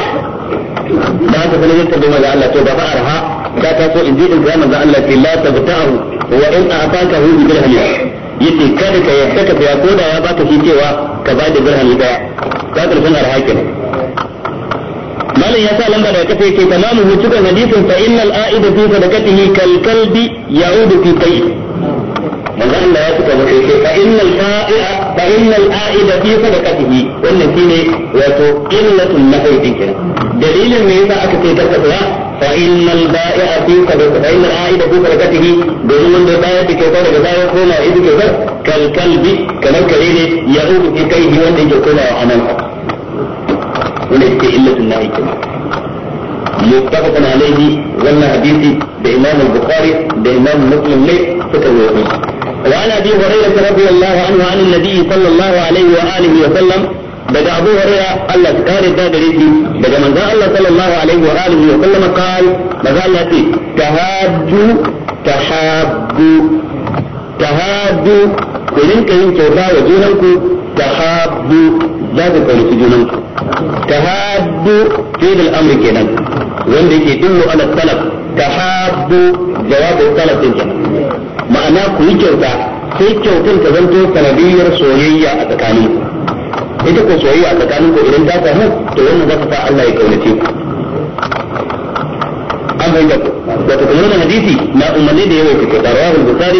ba haka sai ne tabbai maza Allah to ba fa arha ka ta so in ji in ga manzo Allah ce la tabta'u wa in a'takahu bi dirhamin yace kada ka yarda ka saya ko da ya baka shi cewa ka ba da dirhami daya ka karfin arha kenan malam ya sa lamba da kafa yake tamamu hu cikin hadisin fa innal a'idu fi sadaqatihi kal kalbi ya'udu fi bayt manzo Allah ya tuka mu sai fa innal fa'i'a fa innal a'ida fi sadaqatihi wannan shine wato illatul nafi din kenan dalilin me yasa aka ce tabbata fa innal ba'i'a fi sadaqatihi fa innal a'ida fi sadaqatihi domin wanda bayar da kyauta daga bayan koma idu kyautar kal kalbi kamar kare ne ya'udu fi kaihi wanda yake koma a nan ولك إلا النهي كما متفق عليه ظن حديثي بإمام البخاري بإمام مسلم ليه سكوي وعن أبي هريرة رضي الله عنه عن النبي صلى الله عليه وآله وسلم بدأ أبو هريرة الله كان الدادريسي بدأ من الله صلى الله عليه وآله وسلم قال ماذا الله تهادوا تحابوا تهادوا ku كلين yin kyauta wa tahabbu za ku kaunaci junan ku tahabbu fi'il amri kenan wanda yake dillu ala talab tahabbu jawabu talab din kenan ma'ana ku kyauta sai kyautin ta zanto sanadiyar soyayya a tsakanin ita ko soyayya a tsakanin ku idan ta samu to wannan za ta sa Allah ya kaunace ku hadisi na umarni da yawa ku kyauta rawahul bukhari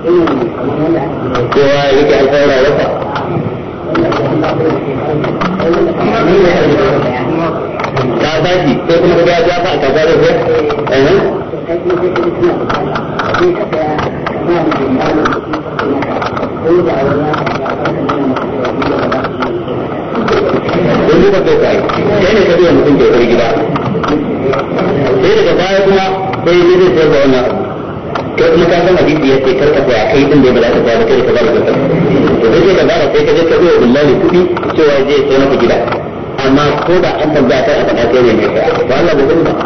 kowa ya rike alfawara wata ka ba ko kuma ka ya ba ka ba eh Yanzu ba kai kai, kai ne ka biya mutum ke gida. Sai daga baya kuma sai ne zai wannan abu. kai kuma ka san hadisi ya ce karka tsaya kai din da ba za ka tsaya ba kai ka zara kanka to sai ka zara sai ka je ka biya billahi kuɗi cewa je sai maka gida amma ko da an tambaya kai a faɗa kai ne mai ba Allah ba zai ba ba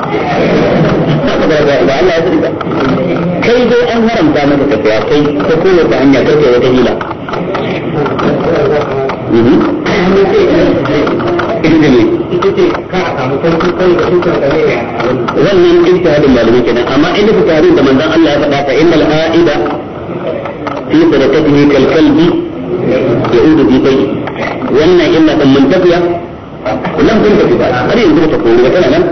Allah ya sani kai dai an haramta maka ka tsaya kai ta kowace hanya karka wata hila mhm. inda ne wannan ijtihadin malamai kenan amma inda fitarin da manzon Allah ya faɗa ta innal aida fi sadaqatihi kal kalbi yaudu bi bai wannan illa kan mun tafiya kullum kun tafi ba har yanzu ba ta koyi ba tana nan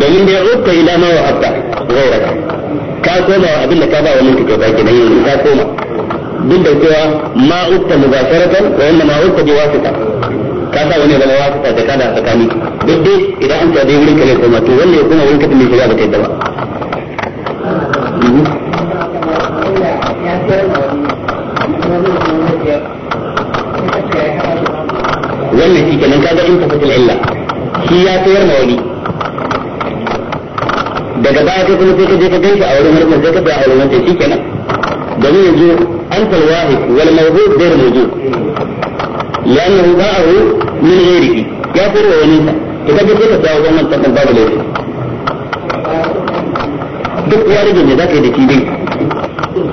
domin da ya ukka ila ma wa hatta gauraka ka koma wa abin da ka ba wa mun kake ba kenan yanzu ka koma duk da cewa ma ukka mubasharatan wa inna ma ukka bi wasita ka sa wani zama wasu ta ka da tsakani duk dai idan an tsaye wurin kare ne koma to wanne ya koma wurin kafin ne shiga ba ta yadda ba wannan shi kenan kaga in ta fatil illa shi ya sayar ma wani daga baya kai kuma sai ka je ka ganshi a wurin wannan sai ka ga a wurin wannan shi kenan domin yanzu an talwahi wal mawdu' ghayr mawdu' لأنه باعه من غيره كافر فرع ونسى إذا كنت تتعوض من تقن باب ليس دك وارد من ذاك إذا كيبين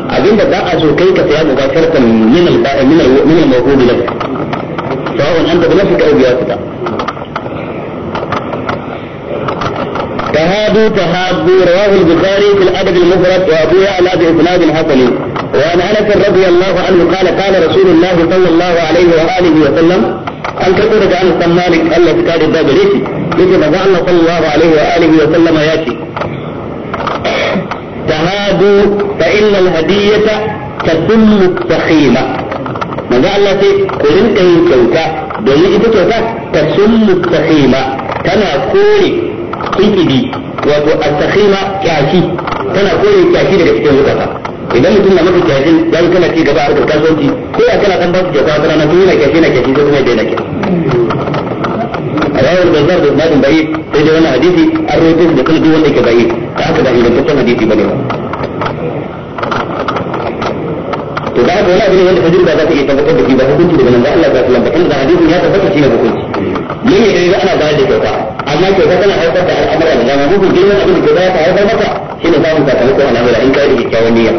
أبين بداء سوكيك في أبو غافرة من, من, من الموهوب لك سواء أنت بنفسك أو بياسك تهادوا تهادوا رواه البخاري في الأدب المفرد وأبوها على بإسناد حصلي وعن انس رضي الله عنه قال قال رسول الله صلى الله عليه وآله وسلم أن تقول جعل الصمالك ألا تكاد الباب ليش ليش ما جعلنا صلى الله عليه وآله وسلم ياتي تهادوا فإن الهدية تتم الثخيلة ما جعلنا في قرن كهين كوكا دولي إبتوكا تتم الثخيلة كما كوري كيكي دي وأتخيلة كاكي كما كوري كاكي لكي idan mutum na mutu kyashin yi kana ci gaba a harkar kasuwanci ko ya kana dan ba su kyauta wata rana tun yana kyashi na kyashi sai kuma ya daina kyashi yawon bazar da ibadin bayi sai da wani hadisi an su da kan duk wanda yake bayi ta haka da ingantaccen hadisi ne ba to da haka wani abin wanda tajriba za ta iya tabbatar da shi ba hukunci daga nan da Allah ta lamba kan da hadisin ya tabbata shi ne hukunci Mun yi ne da ana bayar da kyauta amma kyauta tana haifar da al'amura da dama mutum girman abin da kyauta ya haifar maka shi ne samun sakamako a lamura in ka yi kyakkyawan niyya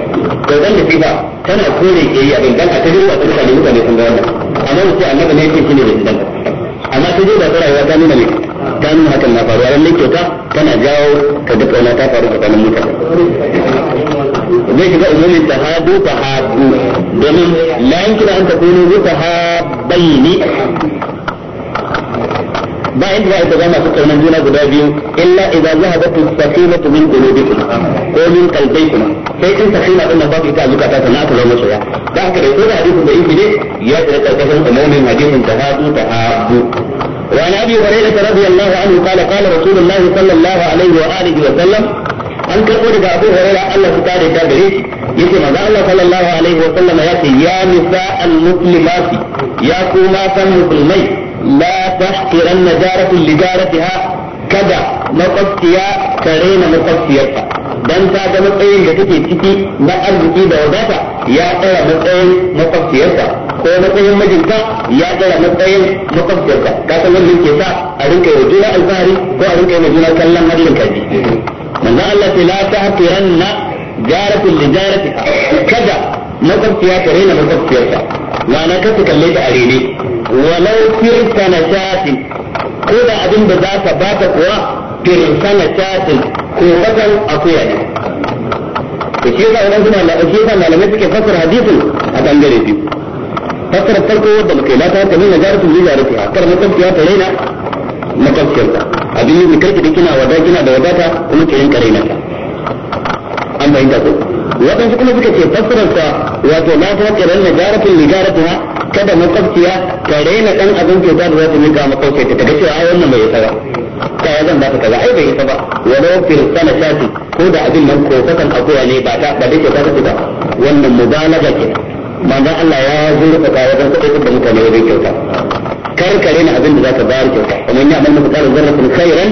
kyautar da sifa tana kore ke yi abin dan a ta jirwa ta mutane mutane sun ga wannan amma mutum annabi ne ya ce shi ne da sidan amma ta ba ta rayuwa ta nuna ne ta nuna hakan na faruwa lallai kyauta tana jawo ka duk wani ta faru tsakanin mutane zai shiga umumin sahabu sahabu domin la yankina an ha mutahabbaini bayan za a ga zama suka nan juna guda biyu illa idza zahabat as-safinatu min qulubikum ko min qalbikum sai in safina din ba ta zuka ta sana ta zama soya da haka dai ko da hadisin da yake ne ya tsira karkashin umumin hadisin tahadu tahadu وعن ابي هريره رضي الله عنه قال قال رسول الله صلى الله عليه واله وسلم an karɓo daga abu hurairah Allah su kare ta gare shi yace manzo Allah sallallahu alaihi wa sallam ya ce ya nisa al-muslimati ya ku matan musulmai لا تحقرن جارة لجارتها kada makwabciya ta raina makwabciyarta dan ta ga matsayin da take ciki na arziki da wadata ya tsara matsayin makwabciyarta ko matsayin mijinta ya tsara matsayin makwabciyarta ka san wannan ke sa a rinka yi juna alfahari ko a rinka yi juna kallon harshen kaji manzo Allah ta la ta hakiranna jaratul lijaratiha kada makwabciya ta raina makwabciyarta ma'ana ka su kalle ta a rene walau firta na shafin ko da abin da za ka ta kuwa firta na shafin ko a akuya ne to shi yasa wannan kuma da shi yasa malamai suke fassara hadisin a bangare biyu fassara farko wadda muke na ta ta nuna jaratu ne jaratu A kar makwabciya ta raina makwabciyarta abin yi mu karki da kina da wadata kuma ke rinka raina an bayyana ko waɗansu kuma suka ce fassararsa wato la ta kiran na jaratin li jaratuha kada makwabciya ta raina ɗan abin kyauta da za ta mika makwabciya ta ga cewa ai wannan bai isa ba ta ya zan ba ta kaza ai bai isa ba walau fil sana shafi ko da abin nan ko kakan akuya ne ba ta ba da kyauta ta ba wannan mubalaga ke manzon Allah ya zurfa ta wajen kuɗin da mutane wajen kyauta karkare na abin da za ka bayar kyauta kamar ya amal mutane zarrafin khairan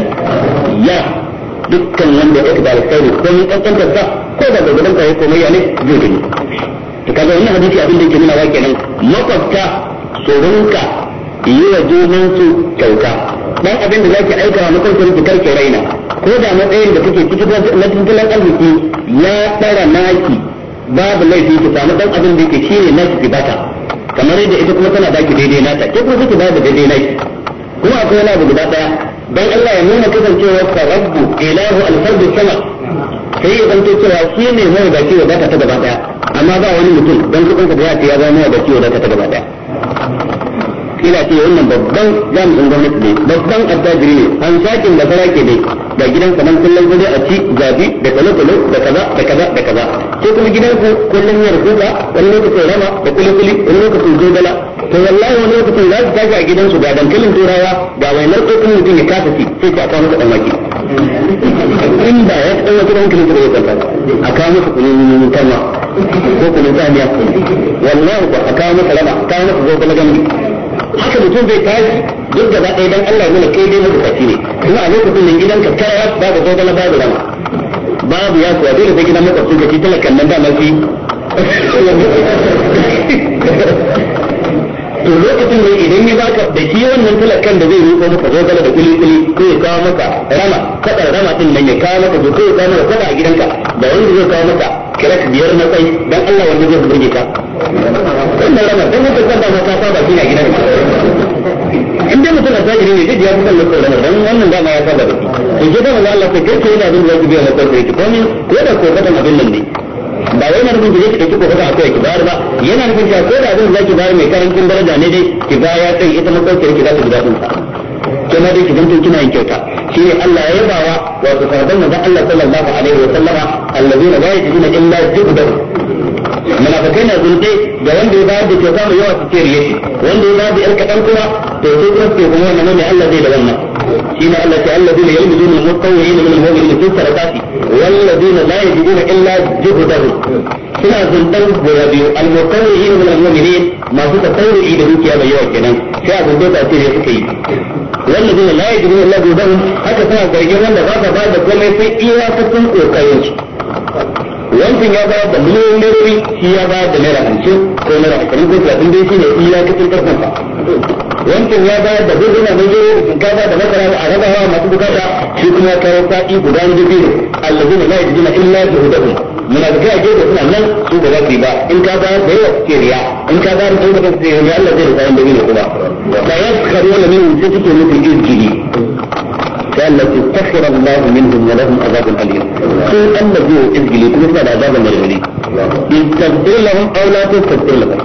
ya dukkan wanda ya da alkhairi ko mun kankanta sa ko da ga gidan kai komai ne zai gani to kaga wannan hadisi abin da yake nuna wa kenan makwabta tsoronka yi wa junan su kyauta dan abin da zaki aika wa mutum ki karke raina ko da matsayin da kuke ciki na tuntulan arziki ya tsara naki babu laifi ki samu dan abin da yake shine naki ki bata kamar yadda ita kuma tana baki daidai nata ke kuma kike ba da daidai naki kuma akwai wani abu guda daya dan Allah ya nuna kasancewa ka rabbu ilahu al-fardu sama sai ya zanto cewa shi ne mai da ciwo da ta gaba daya amma ba wani mutum dan kudin ka da ya ce ya zama mai da ciwo da ta gaba daya ina ce wannan babban jami'in gwamnati ne babban attajiri ne an shakin da ke ne ga gidan nan kullum zai a ci gabi da kalo da kaza da kaza da kaza ko kuma gidan ku kullum ya kuka wani lokacin rama da kuli wani lokacin zogala to wallahi wani lokacin za su tashi a gidansu ga dankalin turawa ga wainar kuma mutum ya kasa ci sai ka kawo maka maki in ba ya dan wake dan kalin turawa kanta a kawo maka mun kanwa ko kunun tsamiya wallahi ba a kawo maka rama a kawo maka zogala gami haka mutum zai tashi duk da ɗaya dan Allah ya nuna kai dai mabukaci ne kuma a lokacin da gidan ka kaya babu babu rama babu ya kuwa dole sai gidan makwabcin ka shi talakan nan da mafi to lokacin ne idan ya baka da shi wannan talakan da zai roƙo maka gala da kuli kuli ko ya kawo maka rama kadar rama din nan ya kawo maka ko ya kawo maka kada a gidanka da wanda zai kawo maka kirak biyar na kai dan Allah wanda zai burge ka wannan rama dan mutum san ba ka saba shi a gidanka in dai mutum a zagiri ne duk ya fi kallon sauran dan wannan dama ya saba da shi to je da Allah ko kai ko yana bin zaki na kai ko ne ko da ko kadan abin nan ne ba wai na nufin ki zai ki ɗauki kofa akwai ki bayar ba yana nufin cewa ko da abin da zaki bayar mai karancin daraja ne dai ki baya sai ita makwabciyar ki za ta ji daɗin sa kuma dai ki zanto kina yin kyauta shi ne Allah ya yabawa wato sahabban manzon Allah sallallahu alaihi wa sallama allazina la yajiduna illa jibdahu munafikai na zunde da wanda ya bayar da kyauta mai yawa su ce riye wanda ya bayar da yar kaɗan kuma to sai kuma su kuma wannan ne Allah zai da wannan فيما قال تعالى الذين يلمدون المتطوعين من الهوى اللي في السرطات والذين لا يجدون إلا جهده فيما زلتن بوابيو المطوعين من المؤمنين ما هو تطور إيده في هذا يوم كنا فيما زلتن تأثير يفكي والذين لا يجدون إلا جهدهم حتى فيما زلتن بوابيو المطوعين من المؤمنين ما هو تطور إيده في هذا يوم كنا wancan ya bayar da miliyoyin nerori shi ya bayar da naira hamsin ko naira ashirin ko talatin dai shi ne shi ya karfin ba wancan ya bayar da gudun na zo shinkafa da masara a rabawa masu bukata shi kuma kawo sa'i guda ne na dubi allazina la yajiduna illa da kai a gefe suna nan su ba za su yi ba in ka bayar da yawa ke riya in ka bayar da yawa ke riya Allah zai da sayan da ne kuma ba ya karuwa da min wuce suke nufin izgiri قال لو اتخر الله منهم ولهم عذاب أليم سوء أن هو إذجلي مثل العذاب المجهولي إن تغفر لهم أو لا تستغفر لهم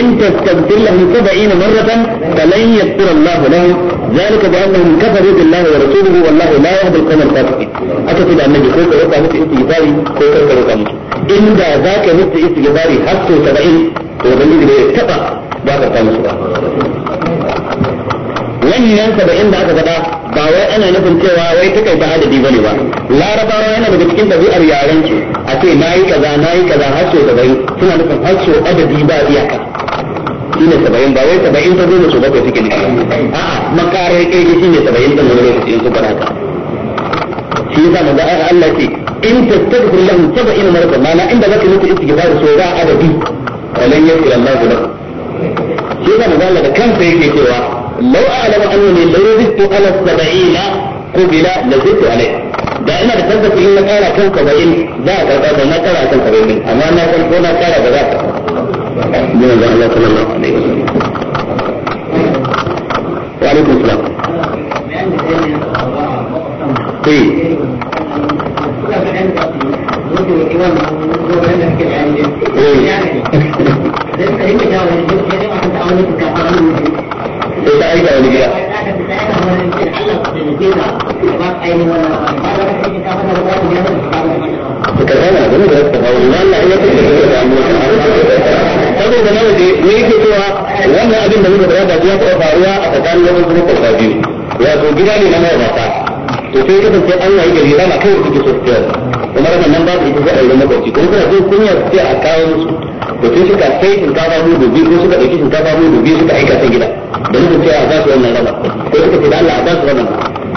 إن تستغفر لهم سبعين مرة فلن يغفر الله لهم ذلك بأنهم كفروا بالله ورسوله والله لا يهدي القوم الفاسقين أكتب أن النبي كوكا يقع مثل استغفاري كوكا يقع مثل إن ذاك مثل استغفاري حتى سبعين وبنجد بيتبع ذاك القوم الفاسقين لن saba'in da aka faɗa ba wai ana nufin cewa wai ta kai ta adadi bane ba larabawa yana daga cikin dabi'ar yaren su a ce nayi kaza nayi kaza har so sabai suna nufin har so adadi ba iyaka shine saba'in ba wai saba'in ta goma so bakwai suke nufi a'a makarar kai shine saba'in ta wani lokaci in su faɗa ka shi yasa manzo Allah ce in tastaghfir lahum sab'ina maratan ma'ana inda zaka mutu istighfar so da adadi walan yakul Allah lakum shi yasa manzo Allah da kansa yake cewa لو أعلم أنني لو زدت على السبعين قبل لزدت عليه da ina da tabbata in na kara kan kaba'in za a karɓa da na kara kan kaba'in amma na san ko na kara ba za ka ne da Allah sallallahu alaihi wasallam wa alaikum salam eh eh sai ta aika wani gida ka sana abin da na Allah ya da yake cewa wannan abin da muka da ya taɓa faruwa a tsakanin wani kuma kwata biyu wato gida ne na mawa mata to sai kasance an yayi gari rana kawai kuke so su kuma rana nan babu ita sai a yi makwabci kuma suna so kunya su ce a kawo musu to sai suka sai shinkafa mu dubi ko suka ɗauki shinkafa mu dubi suka aika ta gida da nufin cewa ba su wannan raba ko suka ce da Allah ba su wannan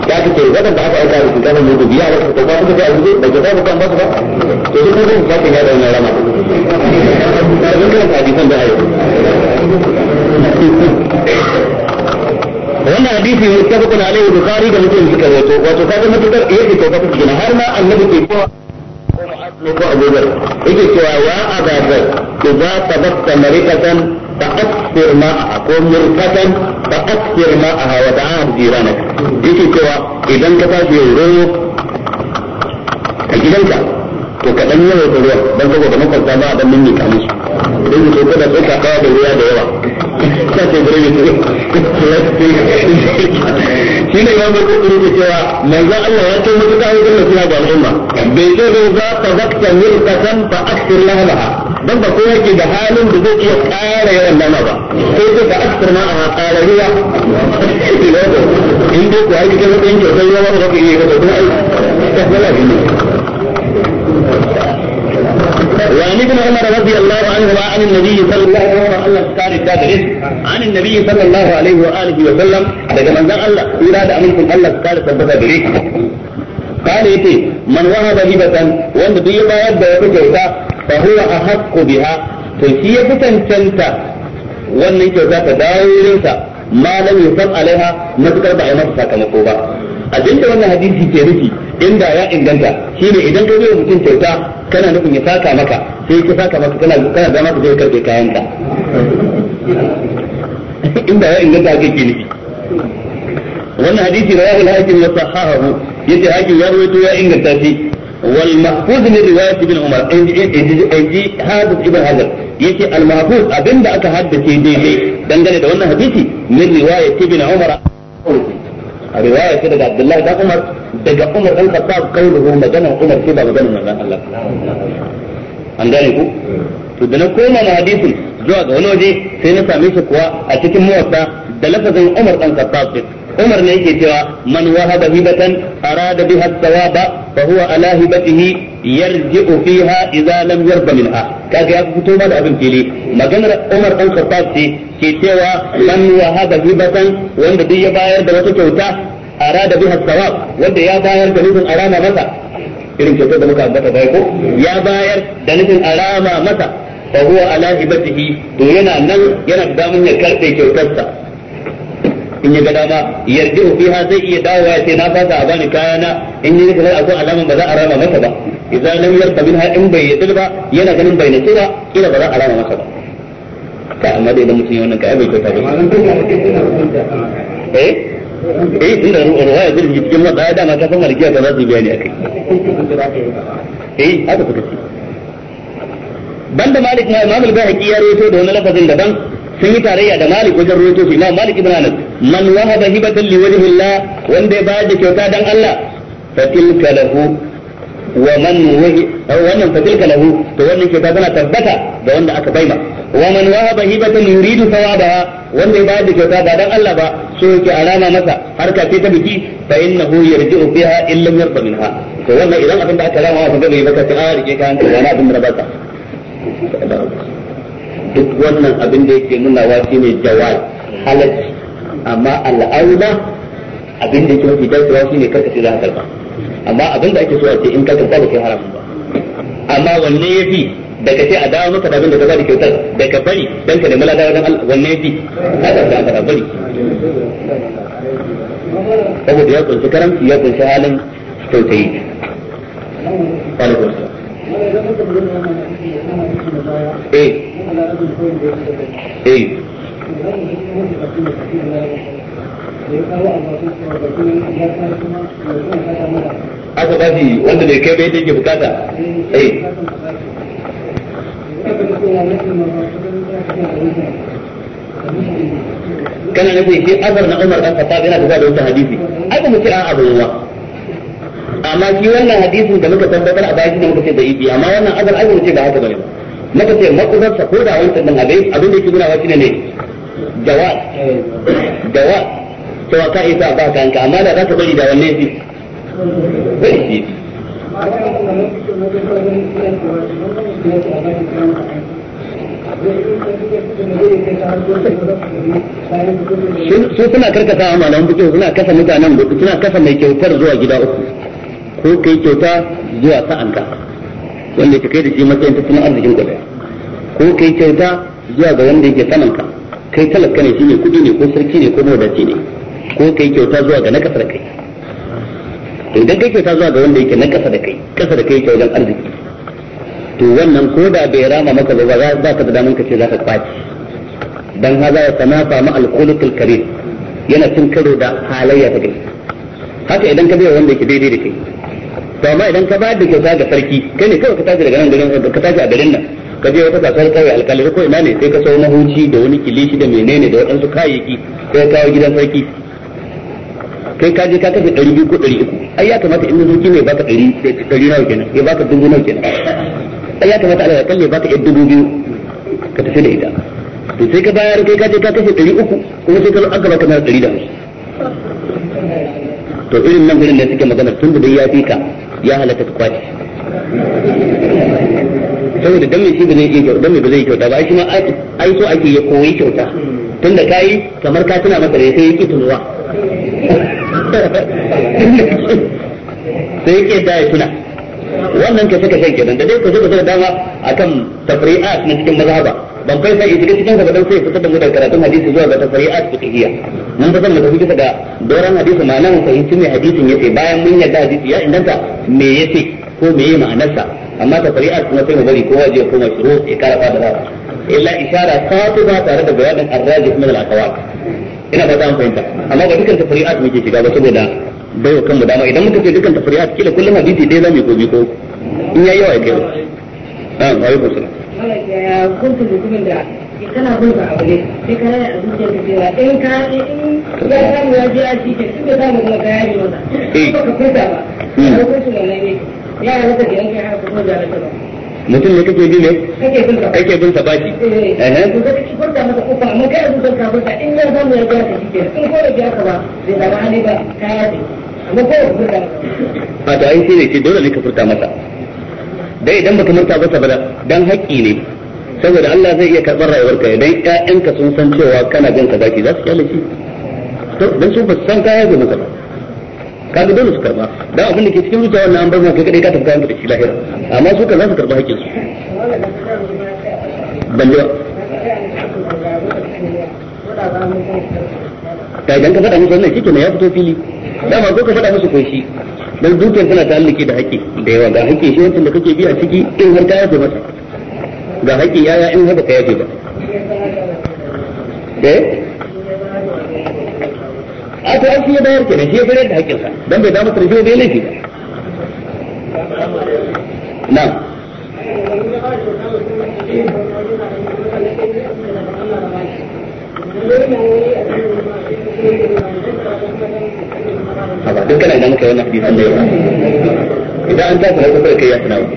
ya ka ce zakan da aka aika da su kafin mutu biya wasu ta kwasu ta yanzu da ke kwasu kan ba su ba to duk mutum ba su ya da wannan raba da mun kan hadisan da ayo wannan hadisi muttafaqun alaihi bukhari da muslim suka rawaito wato kaga mutakar yake to kafa cikin har ma annabi ke cewa ko abubuwar yake cewa ya abazar idza tabatta marikatan فأكثر ماءها ومرفة فأكثر ماءها ودعاها جيرانك yake كوا idan ka في الروح royo a gidanka to ka ɗan yawa ruwa don saboda makwabta ba a ɗan ninni ka musu idan ka kada tsoka kawa da ruwa da yawa ta ce gure ne shi ne kuma ke cewa manzo Allah ya ce mutu ta wajen suna ga al'umma bai ce za ta zakta milkatan fa akhir lahalaha dan ba ko yake da halin da zai iya ƙara yawan nama ba ko zai ga aksar ma a ƙara ruwa in dai ko yake kai wata yanke sai yawan wata zaka iya gaba don aiki ya fi وعن ابن عمر رضي الله عنهما عن النبي صلى الله عليه وسلم الله سكار التابعين عن النبي صلى الله عليه واله وسلم لكن من قال الله في رادع منكم الله سكار سبب بريك قال يتي من وهب هبة وان بيضا يبدا يبدا fa huwa ahaqqu biha to shi ya fitantanta wannan kyauta ta dawo wurin sa ma lam yusab alaiha matukar ba a masa sakamako ba abinda wannan hadisi ke nufi inda ya inganta shi ne idan ka zai mutum kyauta kana nufin ya saka maka sai ka saka maka kana kana zama ka je karbe kayan ka inda ya inganta ake ke nufi wannan hadisi rawahu al-hakim wa sahahahu yace hakim ya rawaito ya inganta shi والمحفوظ من رواية ابن عمر انجي حادث ابن حجر يتي المحفوظ أبن دعك حدث ديدي دنجل دون حديثي من رواية ابن عمر رواية كده عبد الله ده عمر ده عمر بن الخطاب قوله مجنى عمر كده مجنى من الله an gane ku to da na koma na hadisin zuwa ga wani waje sai na same shi kuwa a cikin muwatta da lafazin Umar dan Khattab Umar ne yake cewa man wahaba hibatan arada biha thawaba فهو على هبته يرجع فيها اذا لم يرضى منها كاجا يا fito ma da abin fili maganar Umar dan Khattab ce ke cewa man wahaba hibatan wanda duk ya bayar da wata kyauta arada biha sawab wanda ya bayar da nufin arama masa irin kyauta da muka ambata bai ko ya bayar da nufin arama masa fa huwa ala hibatihi to yana nan yana da damun ya karbe kyautarsa in ya ga dama yarda fiha zai iya dawowa ya ce na fasa a bani kayana in yi a zo alaman ba za a rama masa ba idan lam yarda minha in bai yadda ba yana ganin bai nace ba kila ba za a rama masa ba ta amma dai idan mutum ya wannan kai bai kyauta ba eh eh tunda ya zurfi cikin wata ya dama ta san malikiya ka za su biya a akai eh haka suka ce banda malik na imam bai bahaqi ya rawaito da wani lafazin daban sun yi tarayya da Malik wajen ruwaito su Imam Malik ibn Anas man wahaba hibatan li wajhillah wanda ya bayar da kyauta dan Allah fa tilka lahu wa man wahi wannan fa tilka lahu to wannan kyauta tana tabbata ga wanda aka baima wa man wahaba hibatan yuridu thawabaha wanda ya bayar da kyauta ba dan Allah ba so yake alama masa harka ce ta biki fa innahu yarji'u biha illam yarda minha to wannan idan abin da aka rama wa kan bai baka ta rike kan kana abin da ba ka duk wannan abin da yake nunawa ne jawaz halacci amma al'aula abin da yake mafi dacewa ne karka ce za ka karba amma abin da ake so a ce in ka karba ba kai haram ba amma wanne ya fi daga ce a dawo maka da abin da ka bada kyautar daga ka bari dan ka nemi ladan dan Allah wanne yafi haka da ka bari saboda ya kunshi karamci ya kunshi halin tausayi alaikum eh eh aka ba shi wanda kai bai bukata eh kana nufin shi azar na umar dan khattab yana da wata hadisi ai ce an abu ruwa amma shi wannan hadisin da muka tabbatar a baya shi ne muka ce da ibi amma wannan azar ai ce ba haka bane muka ce makudar sa ko da wancan din abin abin da yake nuna wa shine ne jawab jawab cewa ka isa ba ka amma da za ka bari da wanne shi bai shi su suna karkata a malaman wani suna kasa mutanen suna kasa mai kyautar zuwa gida uku ko kai kyauta zuwa sa'anta wanda ka kai da shi matsayin tattalin arzikin ku daya ko kai kyauta zuwa ga wanda yake ka, kai talaka ne shi ne kudi ne ko sarki ne ko mawadaci ne ko kai kyauta zuwa ga na kasar kai to idan kai kyauta zuwa ga wanda yake na kasa da kai kasa da kai kyautan arziki to wannan ko da bai rama maka ba za ka da damun ka ce za ka kwaci dan haza ya sanafa ma alqulul karim yana cin karo da halayya ta kai haka idan ka bai wanda yake daidai da kai to amma idan ka ba da kyauta ga sarki kai ne kawai ka tashi daga nan garin ka tashi a garin nan ka je wata kasuwar kawai alkali ko ina ne sai ka sau mahuci da wani kilishi da menene da waɗansu kayayyaki sai ka kawo gidan sarki kai ka je ka kashe ɗari biyu ko ɗari uku ai ya kamata in sarki ne baka ɗari ɗari nawa kenan ya baka dubu nawa kenan ai ya kamata ala ba baka ɗari dubu biyu ka tafi da ita to sai ka bayar kai ka je ka kashe ɗari uku kuma sai ka aka baka na ɗari da hamsin to irin nan gurin da suke magana tun da dai ya fi ka ya halatta ka kwace saboda dan mai shi ba zai iya kyauta dan mai ba zai kyauta ba shi ma ai so ake ya koyi kyauta tunda kai kamar ka tuna masa da sai yake tunuwa sai yake da ya tuna wannan ka saka shan kenan da dai ka saka dama akan tafri'at na cikin mazhaba ban kai sai idan cikin sa dan sai fitar da mu daga karatun hadisi zuwa ga tafari'at fiqhiyya mun ba san mu tafi bisa ga doran hadisi ma'anar fahimci me hadisin yace bayan mun yadda hadisi ya inganta me yace ko me yayi ma'anarsa amma tafari'at kuma sai mu bari kowa je koma shiro ya kara da rara illa ishara ba tare da bayanin arrajih min al-aqwal ina fata an fahimta amma ga dukkan tafari'at muke shiga ba saboda bai wa kanmu dama idan muka ce dukkan tafari'at kila kullum hadisi dai zamu yi ko ko in yayi yawa ya kai wa alaikum salam ya bin ka ka a ya ka ba ba kuma da ba mutum ne kake bi ne kake bin sa baki eh eh to kake furta masa kofa amma kai a ka ba in ya samu ya a ci in ko da ka ba zai zama hali ba ka yaji amma ko ka furta masa a to ai sai ne ce dole ne ka furta masa dai idan baka manta ba saboda dan haƙƙi ne saboda Allah zai iya karɓar rayuwarka idan ƴaƴanka sun san cewa kana jin sadaki za su kyale shi to dan su ba san kaya ga maka ka ga dole su karba dan abin da ke cikin zuciya wannan an bar maka kai ka tafi da shi lahira amma su ka za su karba haƙƙin su jiwa ta idan ka faɗa musu wannan shi ke ya fito fili dama ko ka faɗa musu ko shi dan dukiyar tana ta'alluki da haƙƙi da yawa ga haƙƙi shi wancan da kake biya ciki in har ka yafe masa ga haƙƙi yaya in har ka yafe ba eh? a to an ya bayar kenan shi ya bayar da haƙƙinsa dan bai da masa rashi bai laifi ba Thank you. haba duk kana ganin kai wannan hadisin da yawa idan an tafi hauka kai ya tunawa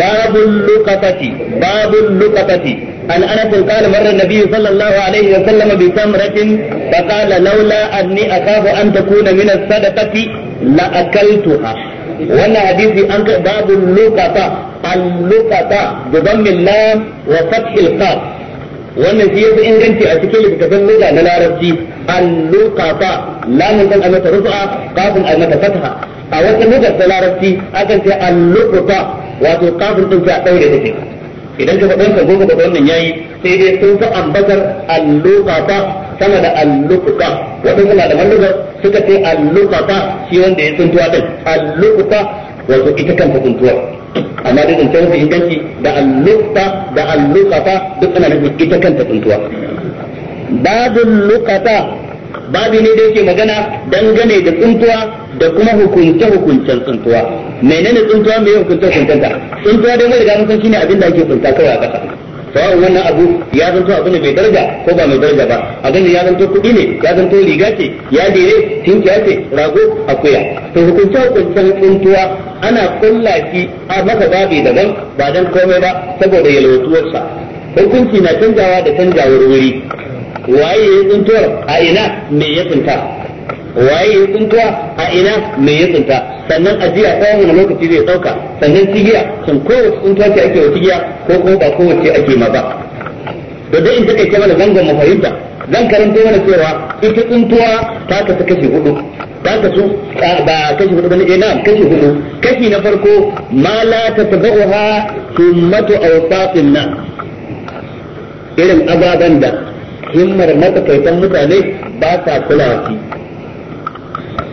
babul luqatati babul luqatati an anas qala marra nabi sallallahu alaihi wa sallam bi tamratin fa qala laula anni akhafu an takuna min as-sadaqati la akaltuha wannan hadisi an ka babul luqata al-luqata bi dhammil lam wa fathil qaf wannan shi yafi inganci a cikin littafin lugha na larabci al-luqata lamun dan annata rufa qafun annata fataha a wata nazar da larabci akan ce al-luqata wato qafun din ta daure take idan ka fadan ka gogo da wannan yayi sai dai sun fa ambatar al-luqata sama da al-luqata wato kuma da mallaka suka ce al-luqata shi wanda ya tuntuwa din al-luqata wato ita kanta tuntuwa amma dai in tsawon inganci da al-luqata da al-luqata duk ana nufin ita kanta tuntuwa babin lukata babi ne da yake magana dangane da tsuntuwa da kuma hukunce hukuncen tsuntuwa menene tsuntuwa mai hukunce ta tsuntuwa dai mai riga mun san shine abin da ake tsunta kawai a kasa sawa'un wannan abu ya zanto abu ne mai daraja ko ba mai daraja ba abin ganin ya zanto kuɗi ne ya zanto riga ce ya dire tinkiya ce rago akuya to hukunce hukuncen tsuntuwa ana kulla shi a maka babi daban ba dan komai ba saboda yalwatuwarsa hukunci na canjawa da canjawar wuri waye ya a ina tsuntuwa a ina me ya tsunta sannan ajiya tsawon wani lokaci zai dauka sannan cigiya sun kowace tsuntuwa ce ake wa tigiya ko kuma ba kowace ake ma ba to dai in take mana zangon mafahimta zan karanto mana cewa ita tsuntuwa ta kasu kashi hudu ta kasu ba kashi hudu bane eh, na kashi hudu kashi na farko ma la tatba'uha a awsafin na irin ababan da himmar matakaitan mutane ba sa kulawa shi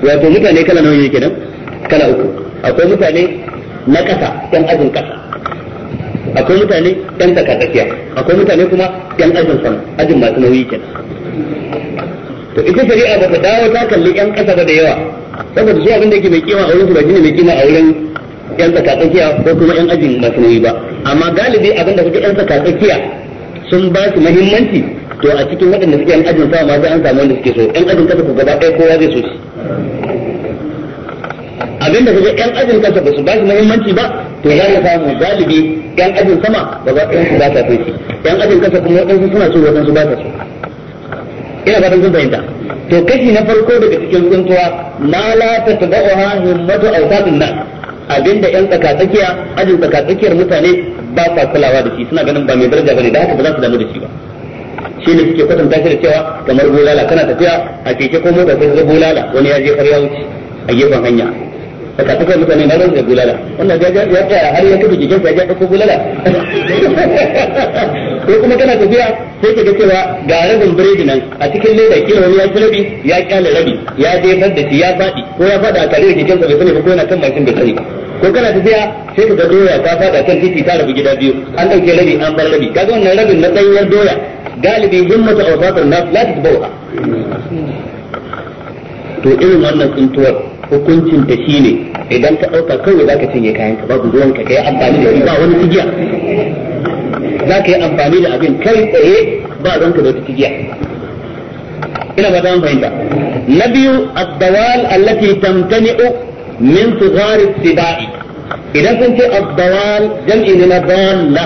wato mutane kala nawa ne kenan kala uku akwai mutane na kasa yan ajin kasa akwai mutane yan takatakiya akwai mutane kuma yan ajin sama ajin masu nauyi kenan to ita shari'a ba ta dawo ta kalli yan kasa ba da yawa saboda shi abin da yake mai kima a wurin su ba shine mai kima a wurin yan tsakatsakiya ko kuma yan ajin masu nauyi ba amma galibi abin da kaga yan tsakatsakiya sun ba su mahimmanci to a cikin waɗanda suke yan ajin sama ma sai an samu wanda suke so yan ajin kasa ku gaba ɗaya kowa zai so shi abin da kaga yan ajin kasa ba su ba su mahimmanci ba to za ka samu galibi yan ajin sama ba za su ba ta so shi yan ajin kasa kuma waɗansu suna so waɗansu ba ta so ina fatan sun fahimta to kashi na farko daga cikin tsuntuwa ma la tatba'uha himmatu awsadin nas abinda yan tsaka tsakiya ajin tsaka tsakiyar mutane ba sa kulawa da shi suna ganin ba mai daraja bane da haka ba za su damu da shi ba shi ne suke kwatanta shi da cewa kamar bulala kana tafiya a keke ko mota sai ga bulala wani ya je har ya wuce a gefen hanya saka suka mutane na ran da bulala wannan ya ya tsaya har ya kafa keken ya ko bulala ko kuma kana tafiya sai ka ga cewa ga rabin biredi nan a cikin leda kila wani ya ci rabi ya kyale rabi ya je da shi ya faɗi ko ya faɗi a tare da keken sa bai sani ba ko yana kan mashin bai sani ba ko kana tafiya sai ka ga doya ta fada kan titi ta rabu gida biyu an dauke rabi an bar rabi kaga wannan rabin na danyar doya galibi himmatu awsatun nas la tatbawa to irin wannan tsuntuwar hukuncin ta shine idan ka dauka kawai zaka cinye kayan ka babu ruwan ka kai amfani da shi ba wani tijiya zaka yi amfani da abin kai tsaye ba zan ka da wata tijiya ina ba zan fahimta na biyu ad-dawal allati tamtani'u min sigari sibai idan sun ce abdawal jam'i ne na dalla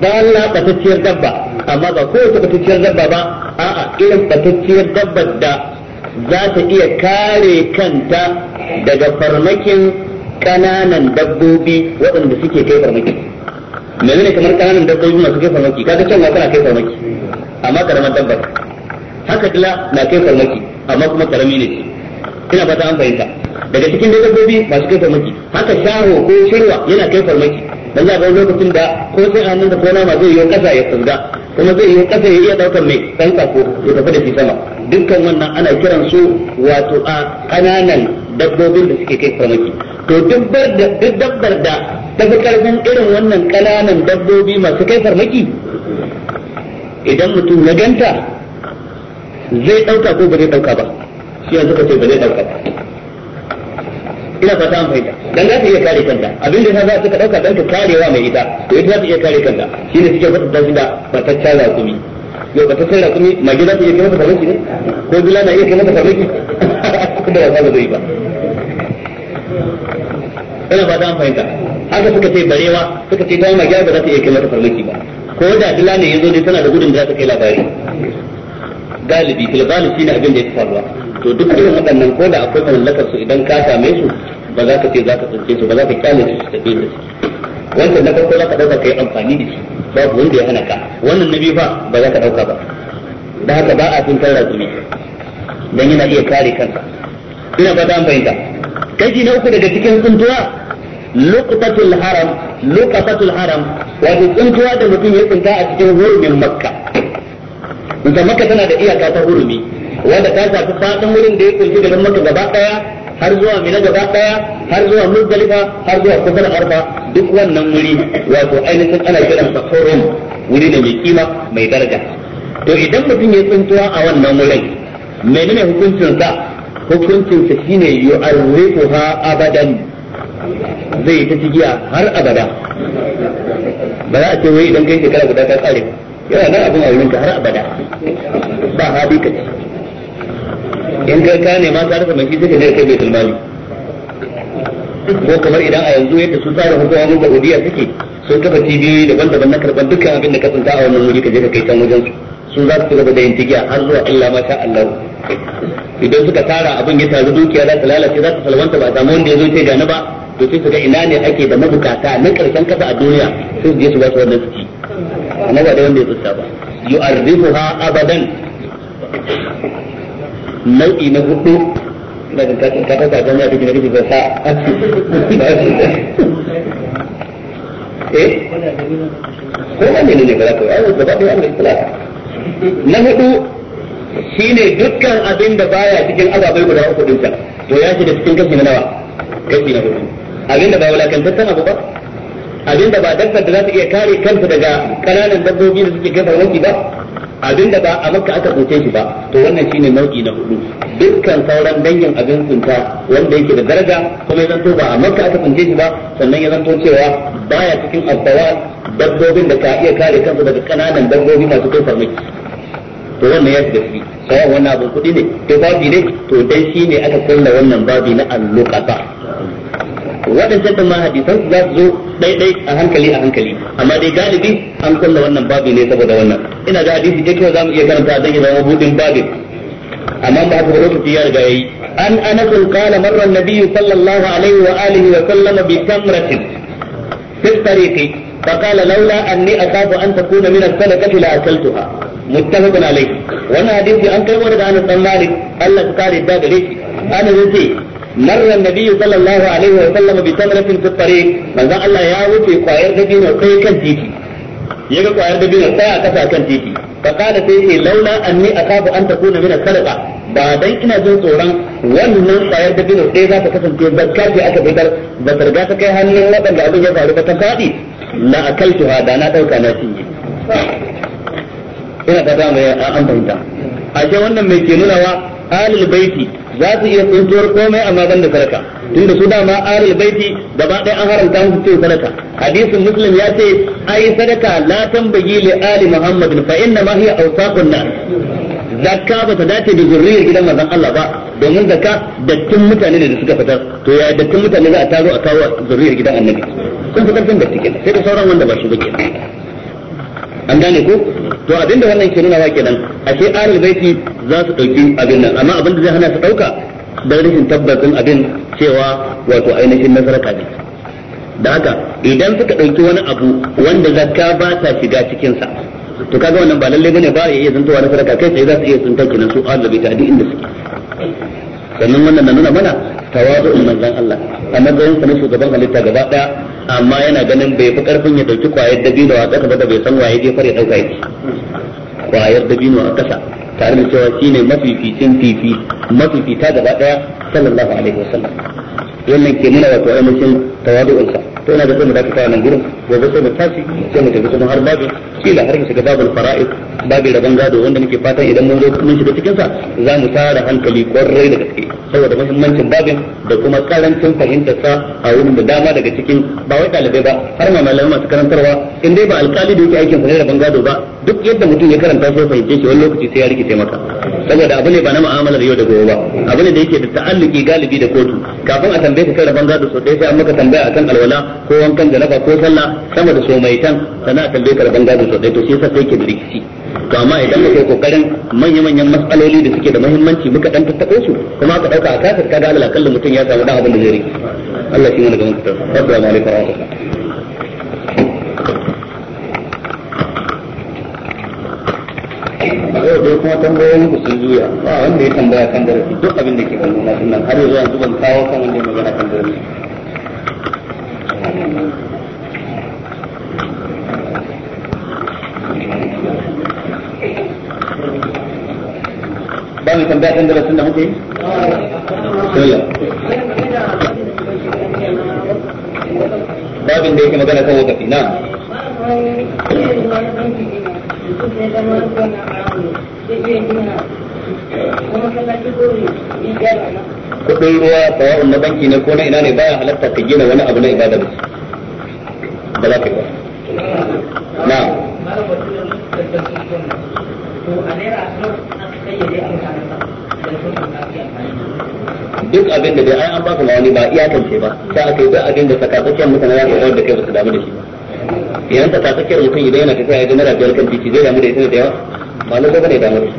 dalla batacciyar dabba amma ba kowace batacciyar dabba ba a'a irin batacciyar dabba da za ta iya kare kanta daga farmakin kananan dabbobi waɗanda suke kai farmaki menene kamar kananan dabbobi masu kai farmaki kaga can ma tana kai farmaki amma karamar dabba haka dila na kai farmaki amma kuma karami ne ina fata an fahimta daga cikin da dabbobi masu kai farmaki haka shaho ko shirwa yana kai farmaki dan za ga lokacin da ko sai an nan da ko nama zai yi kasa ya tsanga kuma zai yi kasa ya iya daukar mai dan ko ya tafi da shi sama dukkan wannan ana kiran su wato a kananan dabbobin da suke kai farmaki to duk dabbar da ta fi karfin irin wannan kananan dabbobi masu kai farmaki idan mutum na ganta zai dauka ko ba zai dauka ba shi yanzu ka ce ba zai dauka ba ina fata an fahimta dan za ta iya kare kanta abin da za ta dauka dan ta karewa mai ita to ita za ta iya kare kanta ne suke fata ta da fataccen rakumi yau fataccen rakumi mage za ta iya kai mata farmaki ne ko bila na iya kai mata farmaki kuma ba za zai ba ina fata an fahimta haka suka ce barewa suka ce ta mage ba za ta iya kai mata farmaki ba ko da dila ne yanzu dai tana da gudun da za ta kai labari galibi shi ne abin da ya faruwa to duk irin waɗannan ko da akwai mallakar su idan ka same su ba za ka ce za ka tsince su ba za ka kyale su su tafi da su wancan na farko za ka ɗauka ka yi amfani da shi babu wanda ya hana ka wannan na biyu ba ba za ka ɗauka ba da haka ba a tun tara zumi dan yana iya kare kansa ina ba an bayyana kaji na uku daga cikin tsuntuwa luqtatul haram luqtatul haram wato tsuntuwa da mutum ya tsinta a cikin hurumin makka da makka tana da iyaka ta hurumi wanda ta shafi fadin wurin da ya kunshi da maka gaba daya har zuwa mina gaba daya har zuwa muzdalifa har zuwa kusan arba duk wannan wuri wato ainihin ana kiran sa forum wuri ne mai kima mai daraja to idan mutum ya tsintuwa a wannan wurin menene hukuncin sa hukuncin sa shine ha abadan zai ta cigiya har abada ba za a ce wai idan kai shekara guda ka tsare yana nan abin a wurin ka har abada ba hadi ka in kai ka ne ma ka rasa mai shi ne kai baitul mali ko kamar idan a yanzu yadda su tsara hukumomin Saudiya suke sun kafa cibiyoyi daban-daban na karban dukkan abin da ka tsinta a wannan wuri ka je ka kai can wajen su su za su gaba da yin tigiya har zuwa Allah ma sha Allah idan suka tara abin ya taru dukiya za ta lalace za ta salwanta ba samu wanda ya zo ce gani ba to sai su ga ina ne ake da mabukata na karshen kasa a duniya sai su je su ba su wannan suke na ba da wanda ya tsinta ba yu'arrifuha abadan nau'i na hudu na kakakar kakakar jami'a da gidan ba sa eh ko wanne ne ba za ka yi gaba ɗaya an da na hudu shine dukkan abin da baya cikin ababai guda uku din to ya shiga cikin kashi na nawa kashi na hudu abin da ba wulakantaccen abu ba abin da ba dabbar da za ta iya kare kanta daga kananan dabbobi da suke kasa wanki ba Abin da ba a maka aka tsince shi ba to wannan shine nau'i na hudu dukkan sauran dangin abin tsinta wanda yake da daraja kuma ya zanto ba a maka aka tsince shi ba sannan ya zanto cewa baya cikin abbawa dabbobin da ka iya kare kansu daga kananan dabbobi masu kai farmaki to wannan ya shiga shi sai wannan abin kuɗi ne to babi ne to dan shine aka kulla wannan babi na al-luqata waɗancan ɗin ma hadisan za su zo ɗaiɗai a hankali a hankali amma dai galibi an kulla wannan babi ne saboda wannan ina da hadisi ɗaya kawai za mu iya karanta don ya zama buɗin babin amma ba haka lokaci ya riga yayi an Anasul qala marra an-nabiy sallallahu alaihi wa alihi wa sallama bi tamratin fi tariqi فقال لولا اني اخاف ان تكون من السلكه لاكلتها متفق عليه وانا حديث ان كان ورد عن مالك الله تعالى da gare shi ana zai مر النبي صلى الله عليه وسلم بتمرة في الطريق من ذا الله يا وفي قائر دبينا كي كان تيتي يجا قائر دبينا كي أكفى كان تيتي فقال سيدي لولا أني أخاف أن تكون من السلقة بعدين ina jin tsoron wannan kwayar da bin za ta kasance zakka ce aka fitar ba ta riga ta kai hannun waɗanda abin ya faru ba ta faɗi la akaltu da na ɗauka na cinye ina ta dama an fahimta wannan mai ke alil baiti za su iya tsuntuwar komai amma ban da sadaka tunda su dama ahlul baiti gaba ɗaya an haramta musu cin sadaka hadisin muslim ya ce ai sadaka la tambayi li ali muhammadin fa inna ma hiya awsaqun nas zakka ba ta dace da zurriyar gidan manzon Allah ba domin zakka dattin mutane ne da suka fitar to ya dattin mutane za a taro a kawo zurriyar gidan annabi sun fitar sun datti kenan sai da sauran wanda ba su ba kenan an gane ko to abinda wannan ke nuna wa kenan ashe ahlul baiti za su dauki abin nan amma abinda zai hana su dauka da rashin tabbacin abin cewa wato ainihin nasara ne da haka idan suka dauki wani abu wanda zakka ba ta shiga cikin sa to kaga wannan ba lalle bane ba ya iya zantowa na sadaka kai sai za su iya sun take nan su ahlul baiti ta duk inda su sannan wannan na nuna mana tawazu'un manzon Allah a matsayin sa ne shugaban halitta gaba daya amma yana ganin bai fi karfin ya dauki kwayar dabino a ƙasa ba da bai san waye jefar ya dauka yake kwayar dabino a ƙasa tare da cewa shine fitin fifi fita gaba daya sallallahu alaihi wasallam wannan ke nuna wato ainihin tawadu'un sa to ina da kuma mu kafa nan gurin gobe sai mu tashi sai mu tafi kuma har babu kila har mu shiga babul fara'id babu rabon gado wanda muke fatan idan mun zo mun shiga cikin sa za mu tara hankali kwarai da gaske saboda muhimmancin babin da kuma karancin fahimtar sa a wurin da dama daga cikin ba wai dalibai ba har ma malamai masu karantarwa in dai ba alkali da yake aikin sa ne rabon gado ba duk yadda mutum ya karanta sai fahimce shi wani lokaci sai ya taimaka maka saboda abu ne ba na mu'amalar yau da gobe ba abu ne da yake da ta'alluki galibi da kotu kafin a tambaye ka kai rabon gado so sai an maka tambaye tambaya akan alwala ko wankan janaba ko sallah sama da somaitan sana kalle ka ban gado sosai to shi yasa sai ke rikici to amma idan ka kai kokarin manya manyan matsaloli da suke da muhimmanci muka dan tattaɓo su kuma aka dauka a kasar kaga alal kallon mutum ya samu dan abin da zai riki Allah shi mana gaban ka assalamu alaikum wa rahmatullahi yau dai kuma tambayoyin ku sun juya ba wanda ya tambaya kan darasi duk abin da ke kan nuna sunan har yanzu ban kawo kan wanda ya magana kan darasi ba mu tambaya kan darasin da muke yi babin da yake magana kan wakafi na kudin ruwa ba na banki ne ko na ina ne baya halatta ka gina wani abu na ibada ba ba za ka yi ba na duk abin da dai ai an baka mawani ba iyakance ba sai aka yi duk abin da sakatakken mutane za su da kai ba su damu da shi ba idan ta mutum idan yana tafiya ya ga mara biyar kan titi zai damu da ita da yawa ba na gaba ne damu da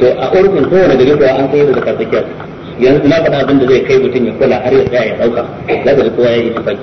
to a urfin kowane gari kuwa an kai da tsakiyar yanzu na faɗa abin da zai kai mutum ya kula har ya tsaya ya ɗauka za ka ji kowa ya yi tufaki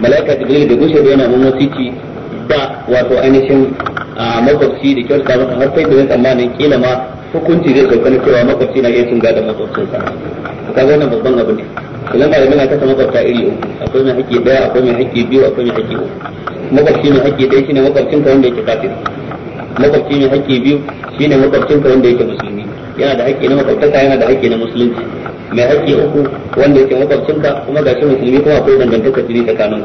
malaika jibril da gushe yana mun wasiki da wato ainihin makwabci da kyauta masa har sai da yin tsammanin kila ma hukunci zai sauka na cewa makwabci na iya cin gadon makwabcinsa ka ga wannan babban abu ne kullum ba da muna kasa makwabta iri uku akwai mai haƙƙi ɗaya akwai mai haƙƙi biyu akwai mai haƙƙi uku makwabci mai haƙƙi ɗaya shine makwabcinka wanda yake kafir makwabci mai haƙƙi biyu shine makwabcinka wanda yake musulmi yana da haƙƙi na makwabtaka yana da haƙƙi na musulunci mai haƙƙi uku wanda yake makwabcinka kuma ga shi musulmi kuma akwai dangantaka jini tsakanin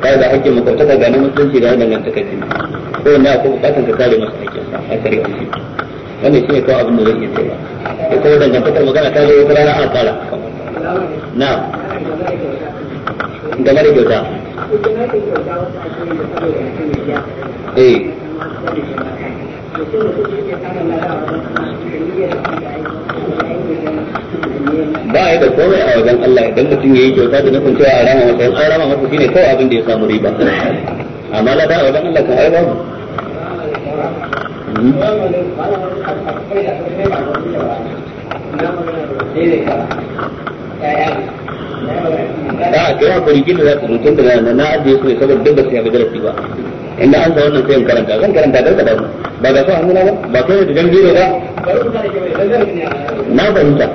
kai da haƙƙin makwabtaka ga na musulunci da dangantaka jini ko wanda akwai bukatan ka kare masa haƙƙinsa a wanda shi ne kawai abin da zai iya cewa ko kuma dangantakar magana ta zo wata rana a fara na game da kyauta eh ba ya da komai a wajen Allah idan mutum ya yi kyauta da nufin cewa a rama masa an rama masa shine kawai abin da ya samu riba amma ba a wajen Allah kan ai babu hmm? a kai kuri gina za ka mutum da na ajiye su ne saboda duk ba su yabi darasi ba inda an sa wannan sayan karanta zan karanta don ka ba ga hannu hannuna ba ba kai da jan biyo ba na fahimta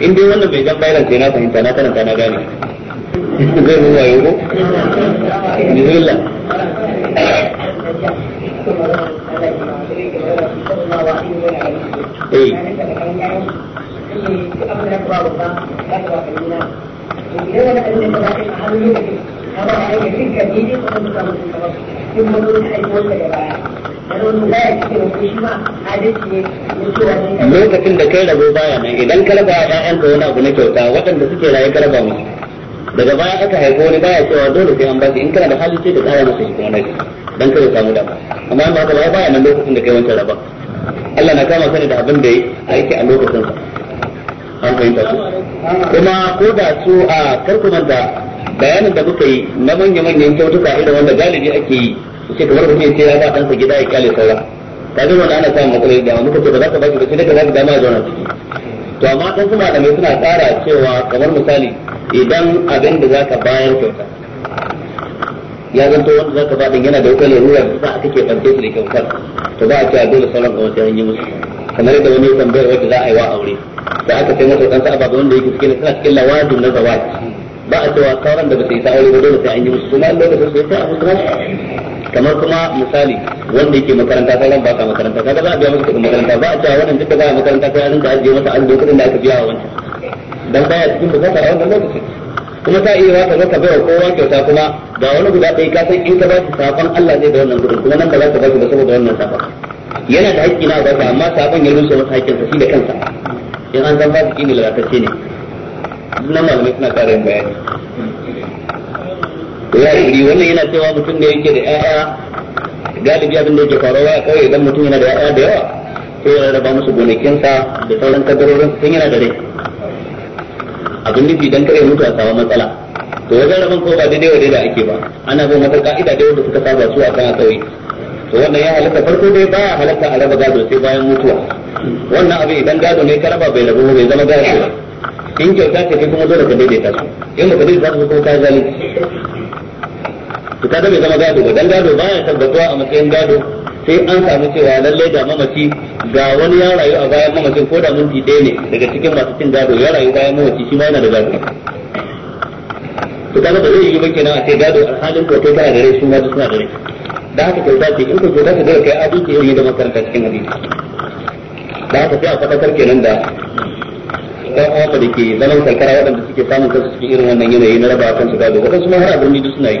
in dai wannan bai gan bayan sai na fahimta na tana na gane zai ruwa wayo ko bismillah eh lokacin da kai rabo baya nan idan ka raba ƴaƴan ka wani abu na kyauta waɗanda suke rayu ka raba musu daga baya aka haifo wani baya cewa dole sai an basu in kana da hali sai ka tsaya masa shi kuma nake dan kai samu dama amma in ba baya baya nan lokacin da kai wancan raba Allah na kama ka da abin da aiki a lokacin sa an fahimta su kuma ko da su a karkuman da bayanin da muka yi na manya-manyan kyautuka irin wanda galibi ake yi ce kamar da ya ce ya ba ɗansa gida ya kyale saura ta zai wanda ana samun matsalar da muka ce ba za ka ba shi ba sai daga za dama ya zauna ciki to amma ɗan kuma da mai suna tsara cewa kamar misali idan abin da za ka bayar kyauta ya zanto wanda za ka ba ɗin yana da wutar larura da sa a ke ɓance su da kyautar to ba a ce a dole sauran ga wasu yanyi musu kamar yadda wani tambayar wadda za a yi wa aure da aka kai masa ɗansa ababen wanda yake cikin suna cikin lawazin na zawaji ba a cewa sauran da ba su yi ta aure ba dole sai an yi musu kuma lokacin su ya ta abu kamar kuma misali wanda yake makaranta ta ba ka makaranta kaga za a biya masa makaranta ba a cewa wannan duk da ba makaranta ta an da ajiye masa an dokar da aka biya wa wancan dan baya cikin bukatar a wannan lokacin kuma ta iya ka zaka bai kowa kyauta kuma ga wani guda ɗaya ka san in ka ba shi sakon Allah zai da wannan gudun kuma nan ba za ka ba shi ba saboda wannan sakon yana da haƙƙi na baka amma sakon ya rusa masa haƙƙinsa shi da kansa in an san shi ne lalatacce ne nan malamai suna ƙara yin bayani ku ya iri wannan yana cewa mutum da yake da ƴaƴa galibi abin da yake faruwa ya kawai idan mutum yana da ƴaƴa da yawa ko ya raba musu gonakinsa da sauran kadarorin sun yana da rai abin da dan kare mutu a samu matsala to wajen rabon ko ba daidai wa daidai ake ba ana bin wata ka'ida da wanda suka saba su a kan kawai to wannan ya halatta farko dai baya halatta a raba gado sai bayan mutuwa wannan abin idan gado ne ka raba bai rabu bai zama gado ba in kyauta ce kai kuma dole ka daidaita su in ka daidaita su kuma ka zalunci to da bai zama gado ba dan gado baya tabbatuwa a matsayin gado sai an samu cewa lallai da mamaci ga wani ya rayu a bayan mamacin ko da minti ɗaya ne daga cikin masu cin gado ya rayu bayan mamaci shi ma yana da gado to da ba zai yi ba kenan a sai gado alhalin ko kai kana da rai su ma suna da rai da haka kyauta ce in ko kyauta ka dole kai adalci irin da makaranta cikin hadisi da haka sai a fadakar kenan da ɗan uwanka da ke zaman karkara waɗanda suke samun kansu cikin irin wannan yanayi na raba kansu gado waɗansu ma har abin duk suna yi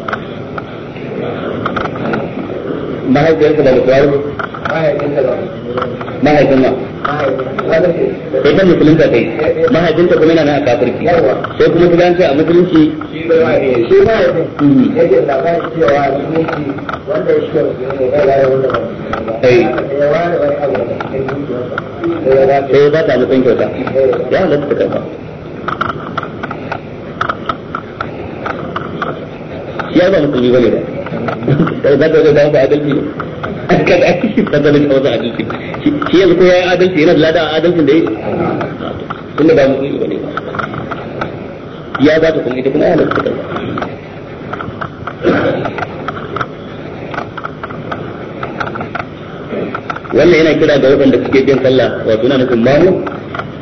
mahaifiyarsa daga kuwar mahaifin wa sai ta musulunta kai mahaifinta kuma yana na a kafirki sai kuma su bayan a musulunci shi mahaifin mm. yake labarin cewa musulunci wanda shi ke musulunci ne ya wanda ba sai ba ta matsayin kyauta ya halatta ta karba ya ba musulmi bane ba kai za ka ga dawo da adalci kan aiki ka zama da wasu adalci shi yanzu ko yayi adalci yana da ladan adalcin da yi tunda ba mu yi bane ya za ta kuma ita kuma ya halatta ta wannan yana kira ga waɗanda suke bin sallah wato na nufin mamu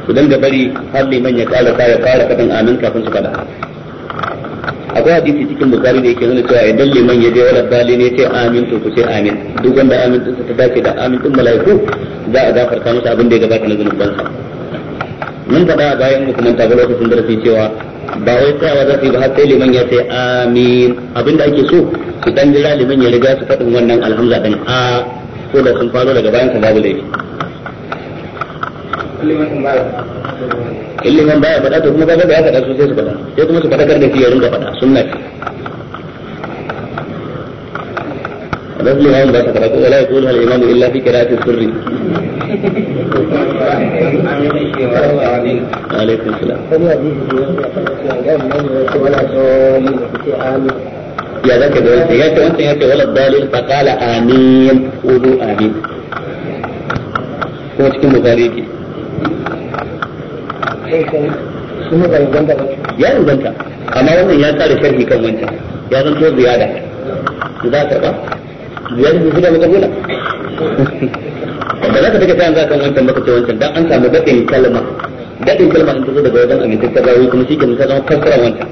su dinga bari har liman ya ƙara ya ƙara faɗin amin kafin su faɗa akwai hadisi cikin bukari da yake nuna cewa idan liman ya je wala dali ne ce amin to ku ce amin duk wanda amin din ta dace da amin din malaiku za a gafarta masa abin da ya gabata na zunuban sa mun faɗa a bayan mu kuma tabar lokacin darasi cewa ba wai tsayawa za su yi ba har sai liman ya ce amin abin da ake so su dan jira liman ya riga su faɗin wannan alhamza ɗin a ko da sun faro daga bayan sa babu laifi illi baya faɗa to kuma kaga da ya faɗa sosai su faɗa sai kuma su faɗakar da shi ya rinka faɗa sunna ce رجل الإمام لا تقرأ ولا يقولها الإمام إلا في قراءة السر عليكم السلام يا ذاك دولت يا كنت يا ولا الضالين فقال آمين قولوا آمين kuma cikin bukari ke ya inganta amma wannan ya kare sharhi kan wancan ya zanto ziyada za ka ba ziyada ne kuma makabula ba za ka take tayan za ka wancan baka ce wancan dan an samu daɗin kalma daɗin kalma in ta zo daga wajen amintaccen rawi kuma shi ke nisa zama fassara wancan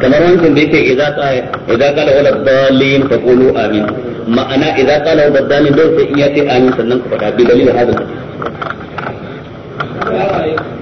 kamar wancan da yake idza qala idza qala wala dallin faqulu amin ma'ana idza qala wala dallin dole sai in ya ce amin sannan ku faɗa bi dalilin hadin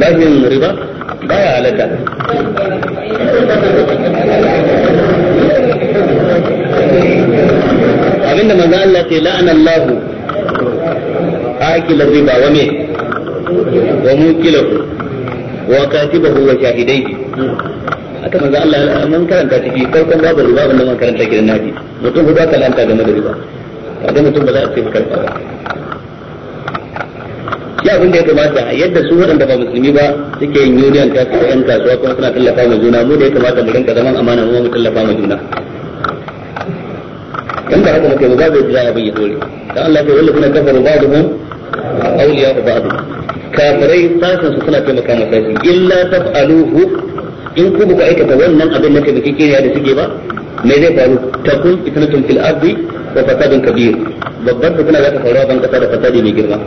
babin riba baya halaka abinda manzo Allah ke la'ana Allah akil riba wa me wa mukilahu wa katibahu wa haka manzo Allah mun karanta ciki farkon babu riba wanda mun karanta nabi mutum ba ka lanta game da riba mutum ba za a ce karfa ba ya abin da ya kamata yadda su waɗanda ba musulmi ba suke yin union ta su yan kasuwa kuma suna tallafa ma juna mu da ya kamata mu rinka zaman amana mu mu tallafa ma juna kan da haka muke ba zai jira abin ya dore dan Allah ya wallafa na kafaru ba'dhum awliya ba'd kafirai sasan su suna taimaka masa illa taf'aluhu in ku buka aikata wannan abin da kake kiriya da suke ba me zai faru takun fitnatun fil ardi wa fasadun kabir babban fitina za ta faru a ban kasa da fasadi mai girma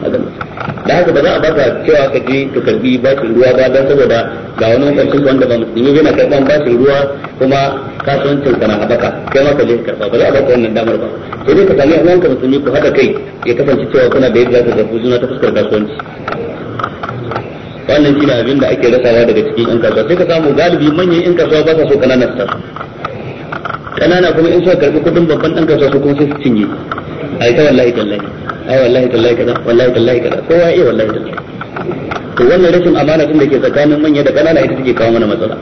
da haka ba za a baka cewa ka je ka karbi bashin ruwa ba don saboda ga wani mafarkin wanda ba musulmi yana karban bashin ruwa kuma kasuwancin ka na haɓaka kai ma ka je karba ba za a baka wannan damar ba sai dai ka sami yan ka musulmi ku haɗa kai ya kasance cewa kuna da yadda za ka zafi juna ta fuskar kasuwanci wannan shine abin da ake rasawa daga cikin yan kasuwa sai ka samu galibi manyan yan kasuwa ba sa so kananan sa kanana kuma in suka karbi kudin babban ɗan kasuwa su kuma sai su cinye a ita wallahi tallahi ai wallahi tallahi kaza wallahi tallahi kaza kowa eh wallahi tallahi to wannan rashin amana din da ke tsakanin manya da kanana ita take kawo mana matsala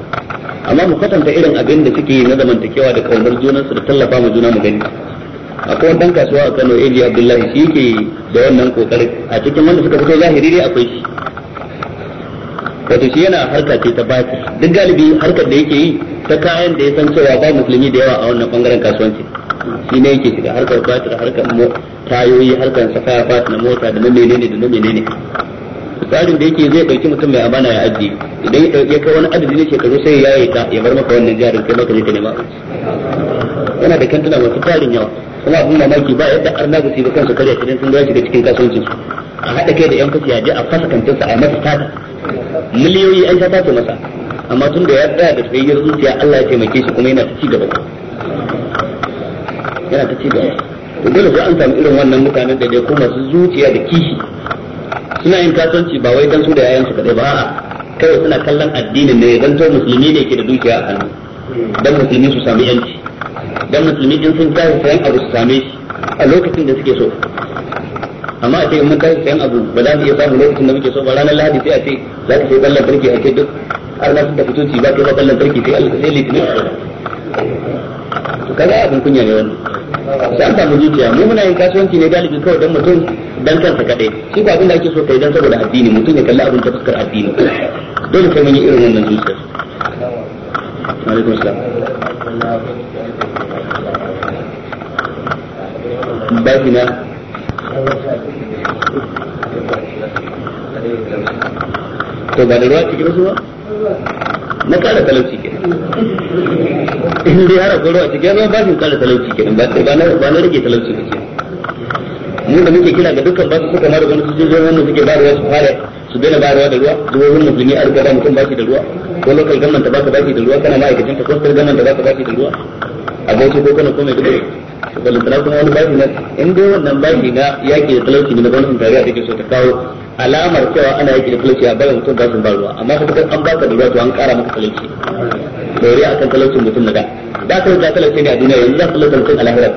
amma mu kwatanta irin abin da suke na zamantakewa da kaunar su da tallafa ma juna mu gani akwai dan kasuwa a Kano Eji Abdullahi shi yake da wannan kokarin a cikin wanda suka fito zahiri dai akwai shi wato shi yana harka ce ta baki duk galibi harkar da yake yi ta kayan da ya san cewa ba musulmi da yawa a wannan bangaren kasuwanci shi ne yake shiga harkar batir harkar mo tayoyi harkar safaya fat na mota da na ne da na ne tsarin da yake zai dauki mutum mai amana ya ajiye idan ya kai wani adadi ne shekaru sai ya yi ta ya bar maka wannan jarin kai maka ne ta nema yana da kantuna masu tarin yawa kuma abin mamaki ba yadda arna ba gasi ba kansa karya kudin sun gaya da cikin kasuwancin su a haɗa kai da yan kasu yaje a fasa kantinsa a masa tata miliyoyi an sha tace masa amma tun da ya tsaya da tsayayyar zuciya Allah ya taimake shi kuma yana ci gaba yana ta ci gaba to dole sai an samu irin wannan mutanen da dai ko masu zuciya da kishi suna yin kasuwanci ba wai dan su da yayan su kadai ba a'a kai suna kallon addinin ne dan to musulmi ne ke da dukiya a hannu dan musulmi su samu yanci dan musulmi in sun tashi sayan abu su same shi a lokacin da suke so amma a ce mun tashi sayan abu ba za mu iya samu lokacin da muke so ba ranar lahadi sai a ce za ka sai ballan farki a ce duk har na da fitoci ba ka ballan farki sai Allah sai litinin to kaga abin kunya ne wannan sai an samu mu muna yin kasuwanci ne galibi kawai dan mutum dan kansa kaɗai shi ba abin da ake so kai dan saboda addini mutum ya kalli abin ta fuskar addini dole sai mun yi irin wannan zuciya alaikum salaam. babi na to ba da ruwa cikin ba na kara talauci ke in dai har akwai ruwa cikin ruwa kara talauci ke ba na rage talauci ke mu da muke kira ga dukkan basu suka mara wani suke ba fara su daina bayarwa da ruwa jihohin musulmi a rubuta mutum baki da ruwa ko lokacin gaman ta baka baki da ruwa kana ma'aikacin ta kostar gaman ta baka baki da ruwa a bauchi ko kana komai gudu balantana kuma wani baki na in dai wannan baki na yaƙi da talauci ne na gwamnatin tarayya take so ta kawo alamar cewa ana yaƙi da talauci a bayan mutum su ba ruwa amma kuma an baka da ruwa to an ƙara maka talauci dore akan talaucin mutum na da da ka rubuta talauci ne a duniya yanzu za ka talauci mutum a lahira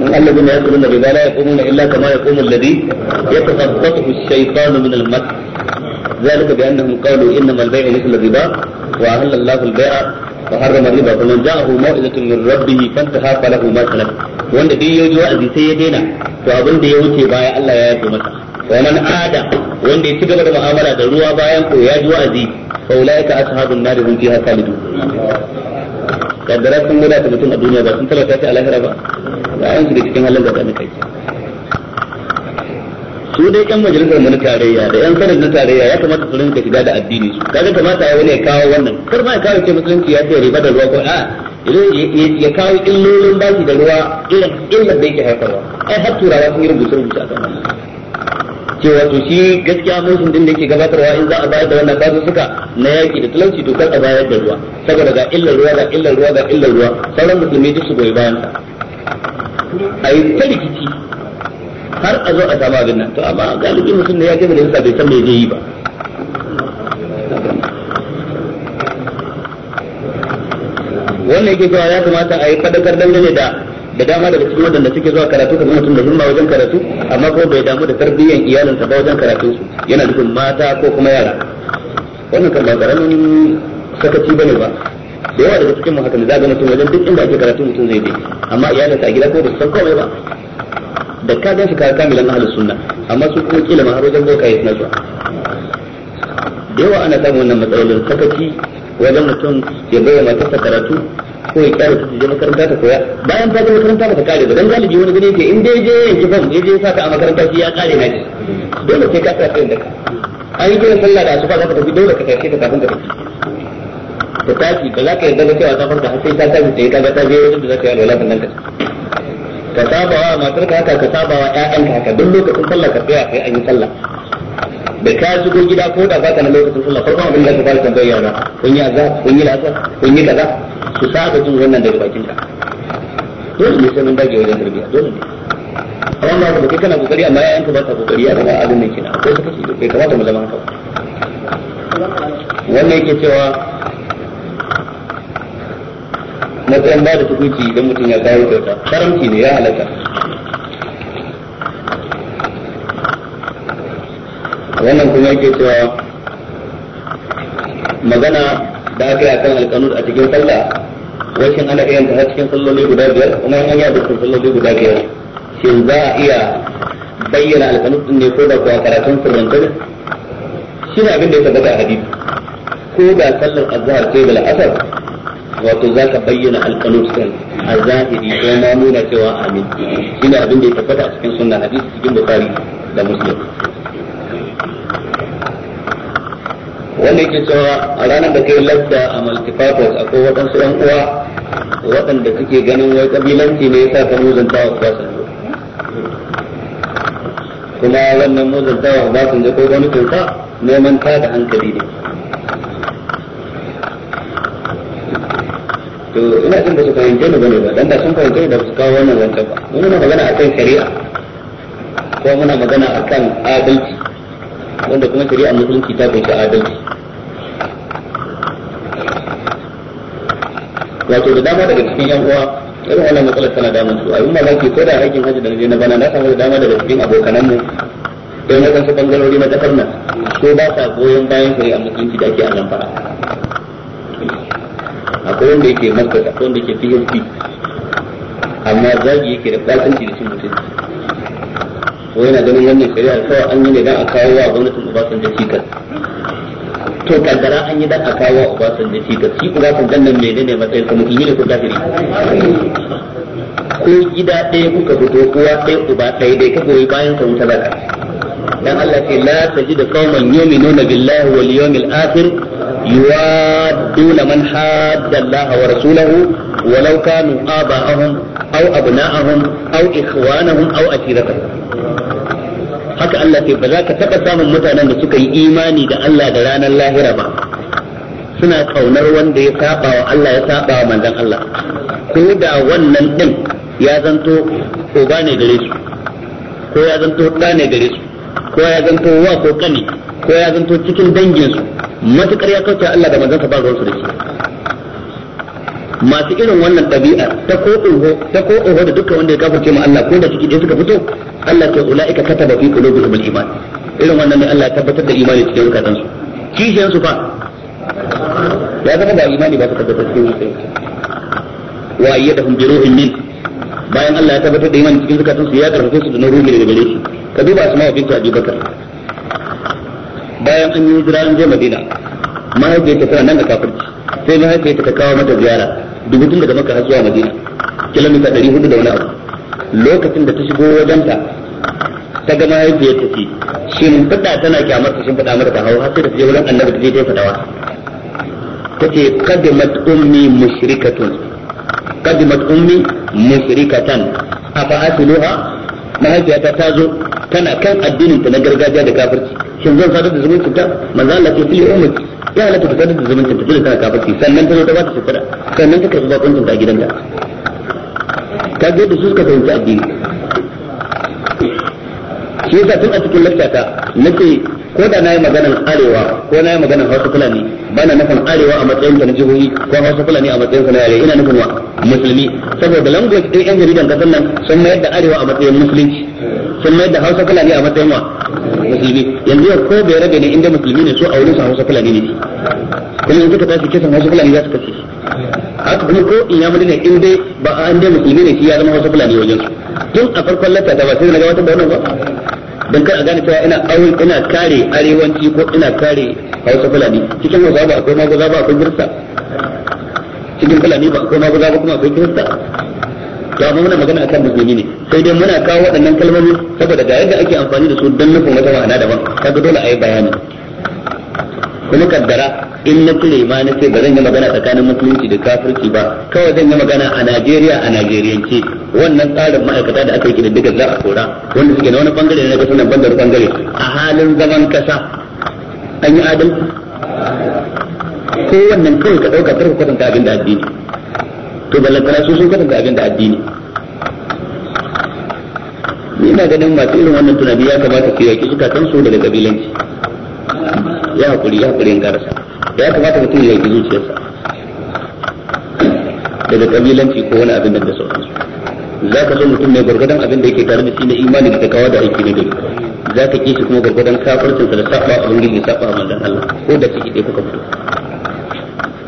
من الذين يأكلون الربا لا يقومون إلا كما يقوم الذي يتخبطه الشيطان من المس ذلك بأنهم قالوا إنما البيع مثل الربا وأهل الله البيع وحرم الربا فمن جاءه موعظة من ربه فانتهى فله ما سلف wanda duk yaji wa'azi ya daina to abin da ya wuce baya Allah ya yafe masa wa man ada wanda ya ci gaba da mu'amala da ruwa bayan ko ya ji wa'azi fa ulaika ashabun nar hum fiha khalidun kaddara sun mutum a duniya ba sun talata shi a ba ya su da cikin halin da ta kai su dai yan majalisar na tarayya da yan sanin na tarayya ya kamata su rinka shiga da addini su kaga kamata ya wani ya kawo wannan kar ma ya kawo ce musulunci ya ce riba da ruwa ko a ya kawo illolin baki da ruwa irin illar da yake haifarwa ai har turawa sun yi rubuce rubuce a kan cewa wato shi gaskiya mulkin din da yake gabatarwa in za a bayar da wannan basu suka na yaki da talauci to kar a bayar da ruwa saboda ga illar ruwa ga illar ruwa ga illar ruwa sauran musulmi duk su goyi bayan ta. a yi ta rikici har a zo a samu abin nan to amma galibin mutum da ya gaba da yasa bai san me zai yi ba wannan yake cewa ya kamata a yi fadakar dangane da da dama daga cikin wadanda suke zuwa karatu kuma mutum da himma wajen karatu amma ko bai damu da tarbiyyar iyalinsa ba wajen karatu yana nufin mata ko kuma yara wannan kan ba karamin sakaci bane ba da yawa daga cikin mu haka ne zaga mutum wajen duk inda ake karatu mutum zai je amma iyalin a gida ko ba su san komai ba da ka gan shi ka kamilan ahlus sunna amma su kuma kila ma har wajen boka yi suna da yawa ana samun wannan matsalolin sakaci wajen mutum ya bayyana matarsa karatu ko ya kyara tuji makaranta ta koya bayan ta je makaranta ba ta kare ba dan galibi wani gani ke in dai je yanki fam ya je saka a makaranta shi ya kare na ji dole sai ka tsaya da ka an yi kiran sallah da asuba za ka tafi dole ka tafi ka tafi ka tafi ka tashi ba za ka yarda ba cewa ta farka har sai ta tashi sai ka ga ta je wajen da za ka yi alwala sannan ka ka saba wa matar ka haka ka saba wa ƴaƴanka haka duk lokacin sallah ka tsaya sai an yi sallah da ka shigo gida ko da baka na lokacin sallah farkon abin da ka fara tambayar yara kun yi azza kun yi lasa kun yi kaza su saba jin wannan daga bakin ka dole ne sai mun dage wajen tarbiyya dole ne amma ba kai kana kokari amma ƴaƴanka ba ta kokari ya zama abin nan kina akwai ta kashi bai kamata mu zama haka wannan yake cewa matsayin ba da tukunci idan mutum ya da ta karamci ne ya halaka wannan kuma yake cewa magana da aka yi akan alkanut a cikin sallah washin ana iya ta cikin salloli guda biyar kuma in hanya dukkan da salloli guda biyar shin za a iya bayyana alkanut ne ko da kuwa karatun sirrantar shi ne abin da ya tabbata a hadisi ko da sallar azhar sai da la'asar wato za ka bayyana alkanus din a zahiri ko ma nuna cewa amin shine abin da ya tabbata a cikin sunna hadisi cikin bukari da muslim wanda yake cewa a ranar da kai lafta a multifactors akwai waɗansu ɗan uwa waɗanda suke ganin wai ƙabilanci ne yasa ka muzanta wa Obasanjo kuma wannan muzanta wa Obasanjo ko wani kyauta, neman ta da hankali ne to ina jin ba su fahimce ni bane ba dan da sun fahimce da su kawo wannan zancen ba mun muna magana akan shari'a ko muna magana akan adalci wanda kuma shari'a musulunci ta bai adalci wato da dama daga cikin yan uwa irin wannan matsalar tana damun su abin mamaki ko da aikin hajji da na na bana na samu da dama daga cikin abokanan mu na waɗansu bangalori na kasar nan ko ba sa goyon bayan shari'a musulunci da ake a nan fara akwai wanda yake makka akwai wanda yake PSP amma zagi yake da bakanci da cin mutum ko yana ganin wannan shari'a kawai an yi ne dan a kawo wa gwamnatin Obasanjo cikas to kaddara an yi dan a kawo wa Obasanjo cikas shi Obasanjo nan menene matsayin sa mutum ne ko kafiri ko gida ɗaya kuka fito kowa sai uba ɗaya dai ka goyi bayan sa wuta zaka dan Allah ce la tajidu qauman yu'minuna billahi wal yawmil akhir yuwadduna man hadda Allah wa rasulahu walau kanu aba'ahum aw abna'ahum aw ikhwanahum aw ashiratahum haka Allah ce ba za ka taɓa samun mutanen da suka yi imani da Allah da ranar lahira ba suna kaunar wanda ya saba wa Allah ya saba wa manzon Allah ko da wannan din ya zanto uba ne gare su ko ya zanto da ne gare su ko ya zanto wa ko kani ko ya zanto cikin danginsu matukar ya kauce Allah da manzansa ba ruwansu da shi masu irin wannan ɗabi'a ta ko uho ta ko uho da dukkan wanda ya kafirce ma Allah ko da ciki suka fito Allah ke ulaika kataba fi qulubihim al-iman irin wannan ne Allah ya tabbatar da imani cikin zukatan su kishiyan su fa ya zama da imani ba su tabbatar cikin zukatan su wa ayyadahum bi ruhin min bayan Allah ya tabbatar da imanin cikin zakatun su ya karfafe su da na rumi da gare shi ka duba su mahaifin ta Abu Bakar bayan an yi hijira an je Madina mahaifiyar ta tana nan da kafirci sai mahaifiyar ta kawo mata ziyara dubu tun daga Makka har zuwa Madina kilomita 400 da wani abu lokacin da ta shigo wajen ta ga mahaifiyar ta ce shin fada tana kyamar ta shin fada mata ta hawo har sai ta je wurin Annabi ta je ta fadawa ce kadimat ummi mushrikatun qadimat ummi musrikatan afa asluha mahaifiyata ta tana kan addinin ta gargajiya da kafirci shin zan sadar da zumuncin ta manzo Allah ce fili ummi ya halatta ta sadar da zumuncin ta tunda tana kafirci sannan ta zo ta ba ta shekara sannan ta karɓi bakuncin ta a gidanta ta ga da su suka fahimci addini shi yasa tun a cikin lakcata nake ko da na yi maganan arewa ko na yi maganan hausa fulani bana nufin arewa a matsayin ta na jihohi ko hausa fulani a matsayin sa na yare ina nufin wa musulmi saboda language din yan jaridan kasar nan sun mayar da arewa a matsayin musulunci sun mayar da hausa fulani a matsayin wa musulmi yanzu yau ko bai rabe ne inda musulmi ne so a wurin su hausa fulani ne kuma yanzu ka tashi kisan hausa fulani za su kace haka kuma ko in ya ne in dai ba an dai musulmi ne shi ya zama hausa fulani wajen su tun a farkon lata ta ba sai na gabatar da wannan ba don kar a gane cewa ina aure ina kare arewanci ko ina kare hausa fulani cikin hausa ba akwai maguza ba akwai girsa cikin fulani ba akwai maguza ba kuma akwai girsa to amma muna magana akan musulmi ne sai dai muna kawo waɗannan kalmomi saboda ga yadda ake amfani da su don nufin wata ma'ana daban kaga dole a yi bayani kuma kaddara in na kure ma na ce ba zan yi magana tsakanin musulunci da kafirci ba kawai zan yi magana a Najeriya a Najeriyance wannan tsarin ma'aikata da aka yi kididdigar za a kora wanda suke na wani bangare na kasu nan bangare bangare a halin zaman kasa an yi adalci ko wannan kawai ka ɗauka tarka kwatanta abin da addini to ballantana su sun kwatanta abin da addini ni ina ganin masu irin wannan tunani ya kamata su yaki zukatan su daga kabilanci ya hakuri ya hakuri in da ya kamata mutum ya yaki zuciyarsa daga kabilanci ko wani abin da sauransu za ka so mutum mai gwargwadon abin da yake tare da shi na imani da kawo da aiki na gari za ta ƙi shi kuma gwargwadon kafircin sa da saɓa a wangin mai saɓa a manzan Allah ko da ciki ɗaya kuka fito.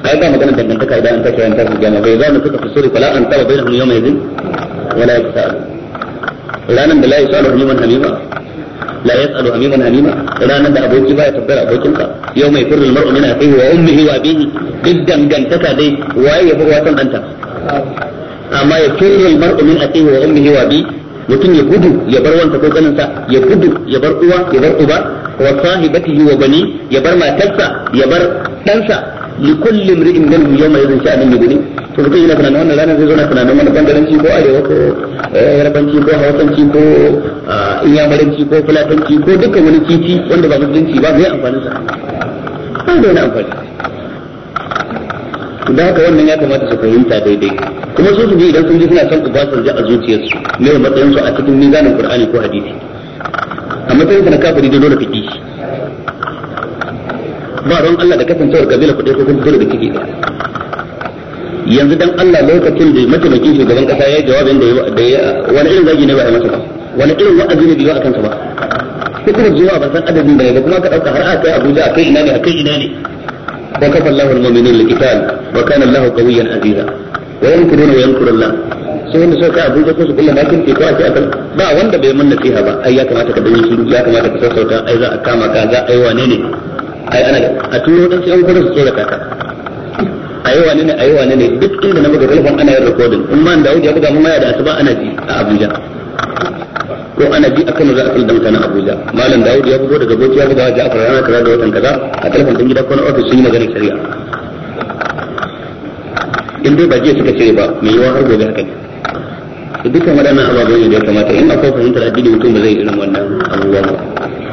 Ai ba magana dangantaka idan an tashi an tashi gama bai za mu suka fi suri fala an tsaba bai da hanyoyi mai zin wala ya fi sa'adu. Ranar da layi sa'adu hanyoyi hamima la ya tsaro hamima hamima ranar da aboki ba ya tabbara abokinsa yau mai furin mar'um yana kai wa ummi wa bihi duk dangantaka dai waye ya fi wasan ɗanta. amma ya furin mar'um yana kai wa ummi wa bi. mutum ya gudu ya bar wanka ko kaninsa ya gudu ya bar uwa ya bar uba wa sahibatihi wa bani ya bar matarsa ya bar ɗansa li kulli imri'in minhum yawma yadhin sha'anin gudu to mutum yana tunanin wannan ranar zai zo na tunanin wani bangaranci ko arewa ko eh, yarbanci ko hausanci ko ah, inyamuranci ko fulatanci ko dukkan wani kici wanda ba musulunci ba zai amfani sa ba da wani amfani da haka wannan ya kamata su fahimta daidai kuma su su ji idan sun ji suna son ubasar ji a zuciyarsu ne a matsayinsu a cikin nizanin qur'ani ko hadisi a matsayin na kafiri da dole fiki ba ran Allah da kasancewar kabila kudai ko kuma da kike yanzu dan Allah lokacin da mataimakin shugaban kasa ya jawabin da ya wani irin zagi ne ba a masa ba wani irin wa'azi ne bai a kansa ba sai kuma jiwa ba san adadin da ne kuma ka dauka har a kai Abuja a kai ina ne a kai ina ne وكفى الله المؤمنين القتال وكان الله قويا عزيزا وينكرون وينكر الله sai da sauka abin da kusa kullum hakan ke kawai akan ba wanda bai mun nasiha ba ai ya kamata ka dawo shi ya kamata ka sassauta ai za a kama ka za a wane ne ai ana a turo dan sai an kura su tsora ka ai wane ne ai wane ne duk inda na buga telefon ana yin recording in ma da ya buga mun maya da asuba ana ji a Abuja ko ana bi akan za a kula da mutanen Abuja malam Dawud ya bugo daga Bauchi ya buga wa Ja'far rana kaza da watan kaza a telefon din gida ko na office sun yi magana shari'a in dai ba je suka cire ba mai yiwa har gobe haka ne da dukkan waɗannan ababen ne da ya kamata in akwai fahimtar addini mutum ba zai irin wannan abubuwa ba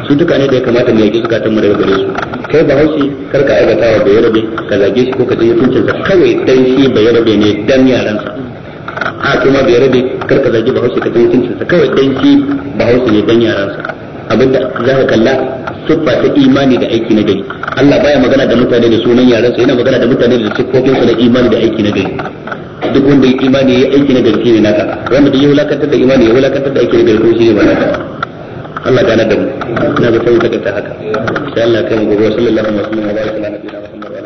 su duka ne da ya kamata mai yaƙi zukatan mu daga gare su kai ba haushi kar ka aikata wa bayarabe ka zage shi ko ka ji mutuncinsa kawai dan shi bayarabe ne dan yaransa a kai ma bai rabe karka zagi bahaushe ka mutuncin sa kawai dan shi bahaushe ne dan yaransa abinda za ka kalla siffa ta imani da aiki na gari Allah baya magana da mutane da sunan yaransa yana magana da mutane da siffofin su na imani da aiki na gari duk wanda ya imani ya aiki na gari ne naka wanda ya wulakantar da imani ya wulakantar da aiki na gari ko shi ne ba naka Allah gana da mu na ba sai ka ta haka sai Allah kai mu gobe sallallahu alaihi wa sallam wa baraka ala nabiyina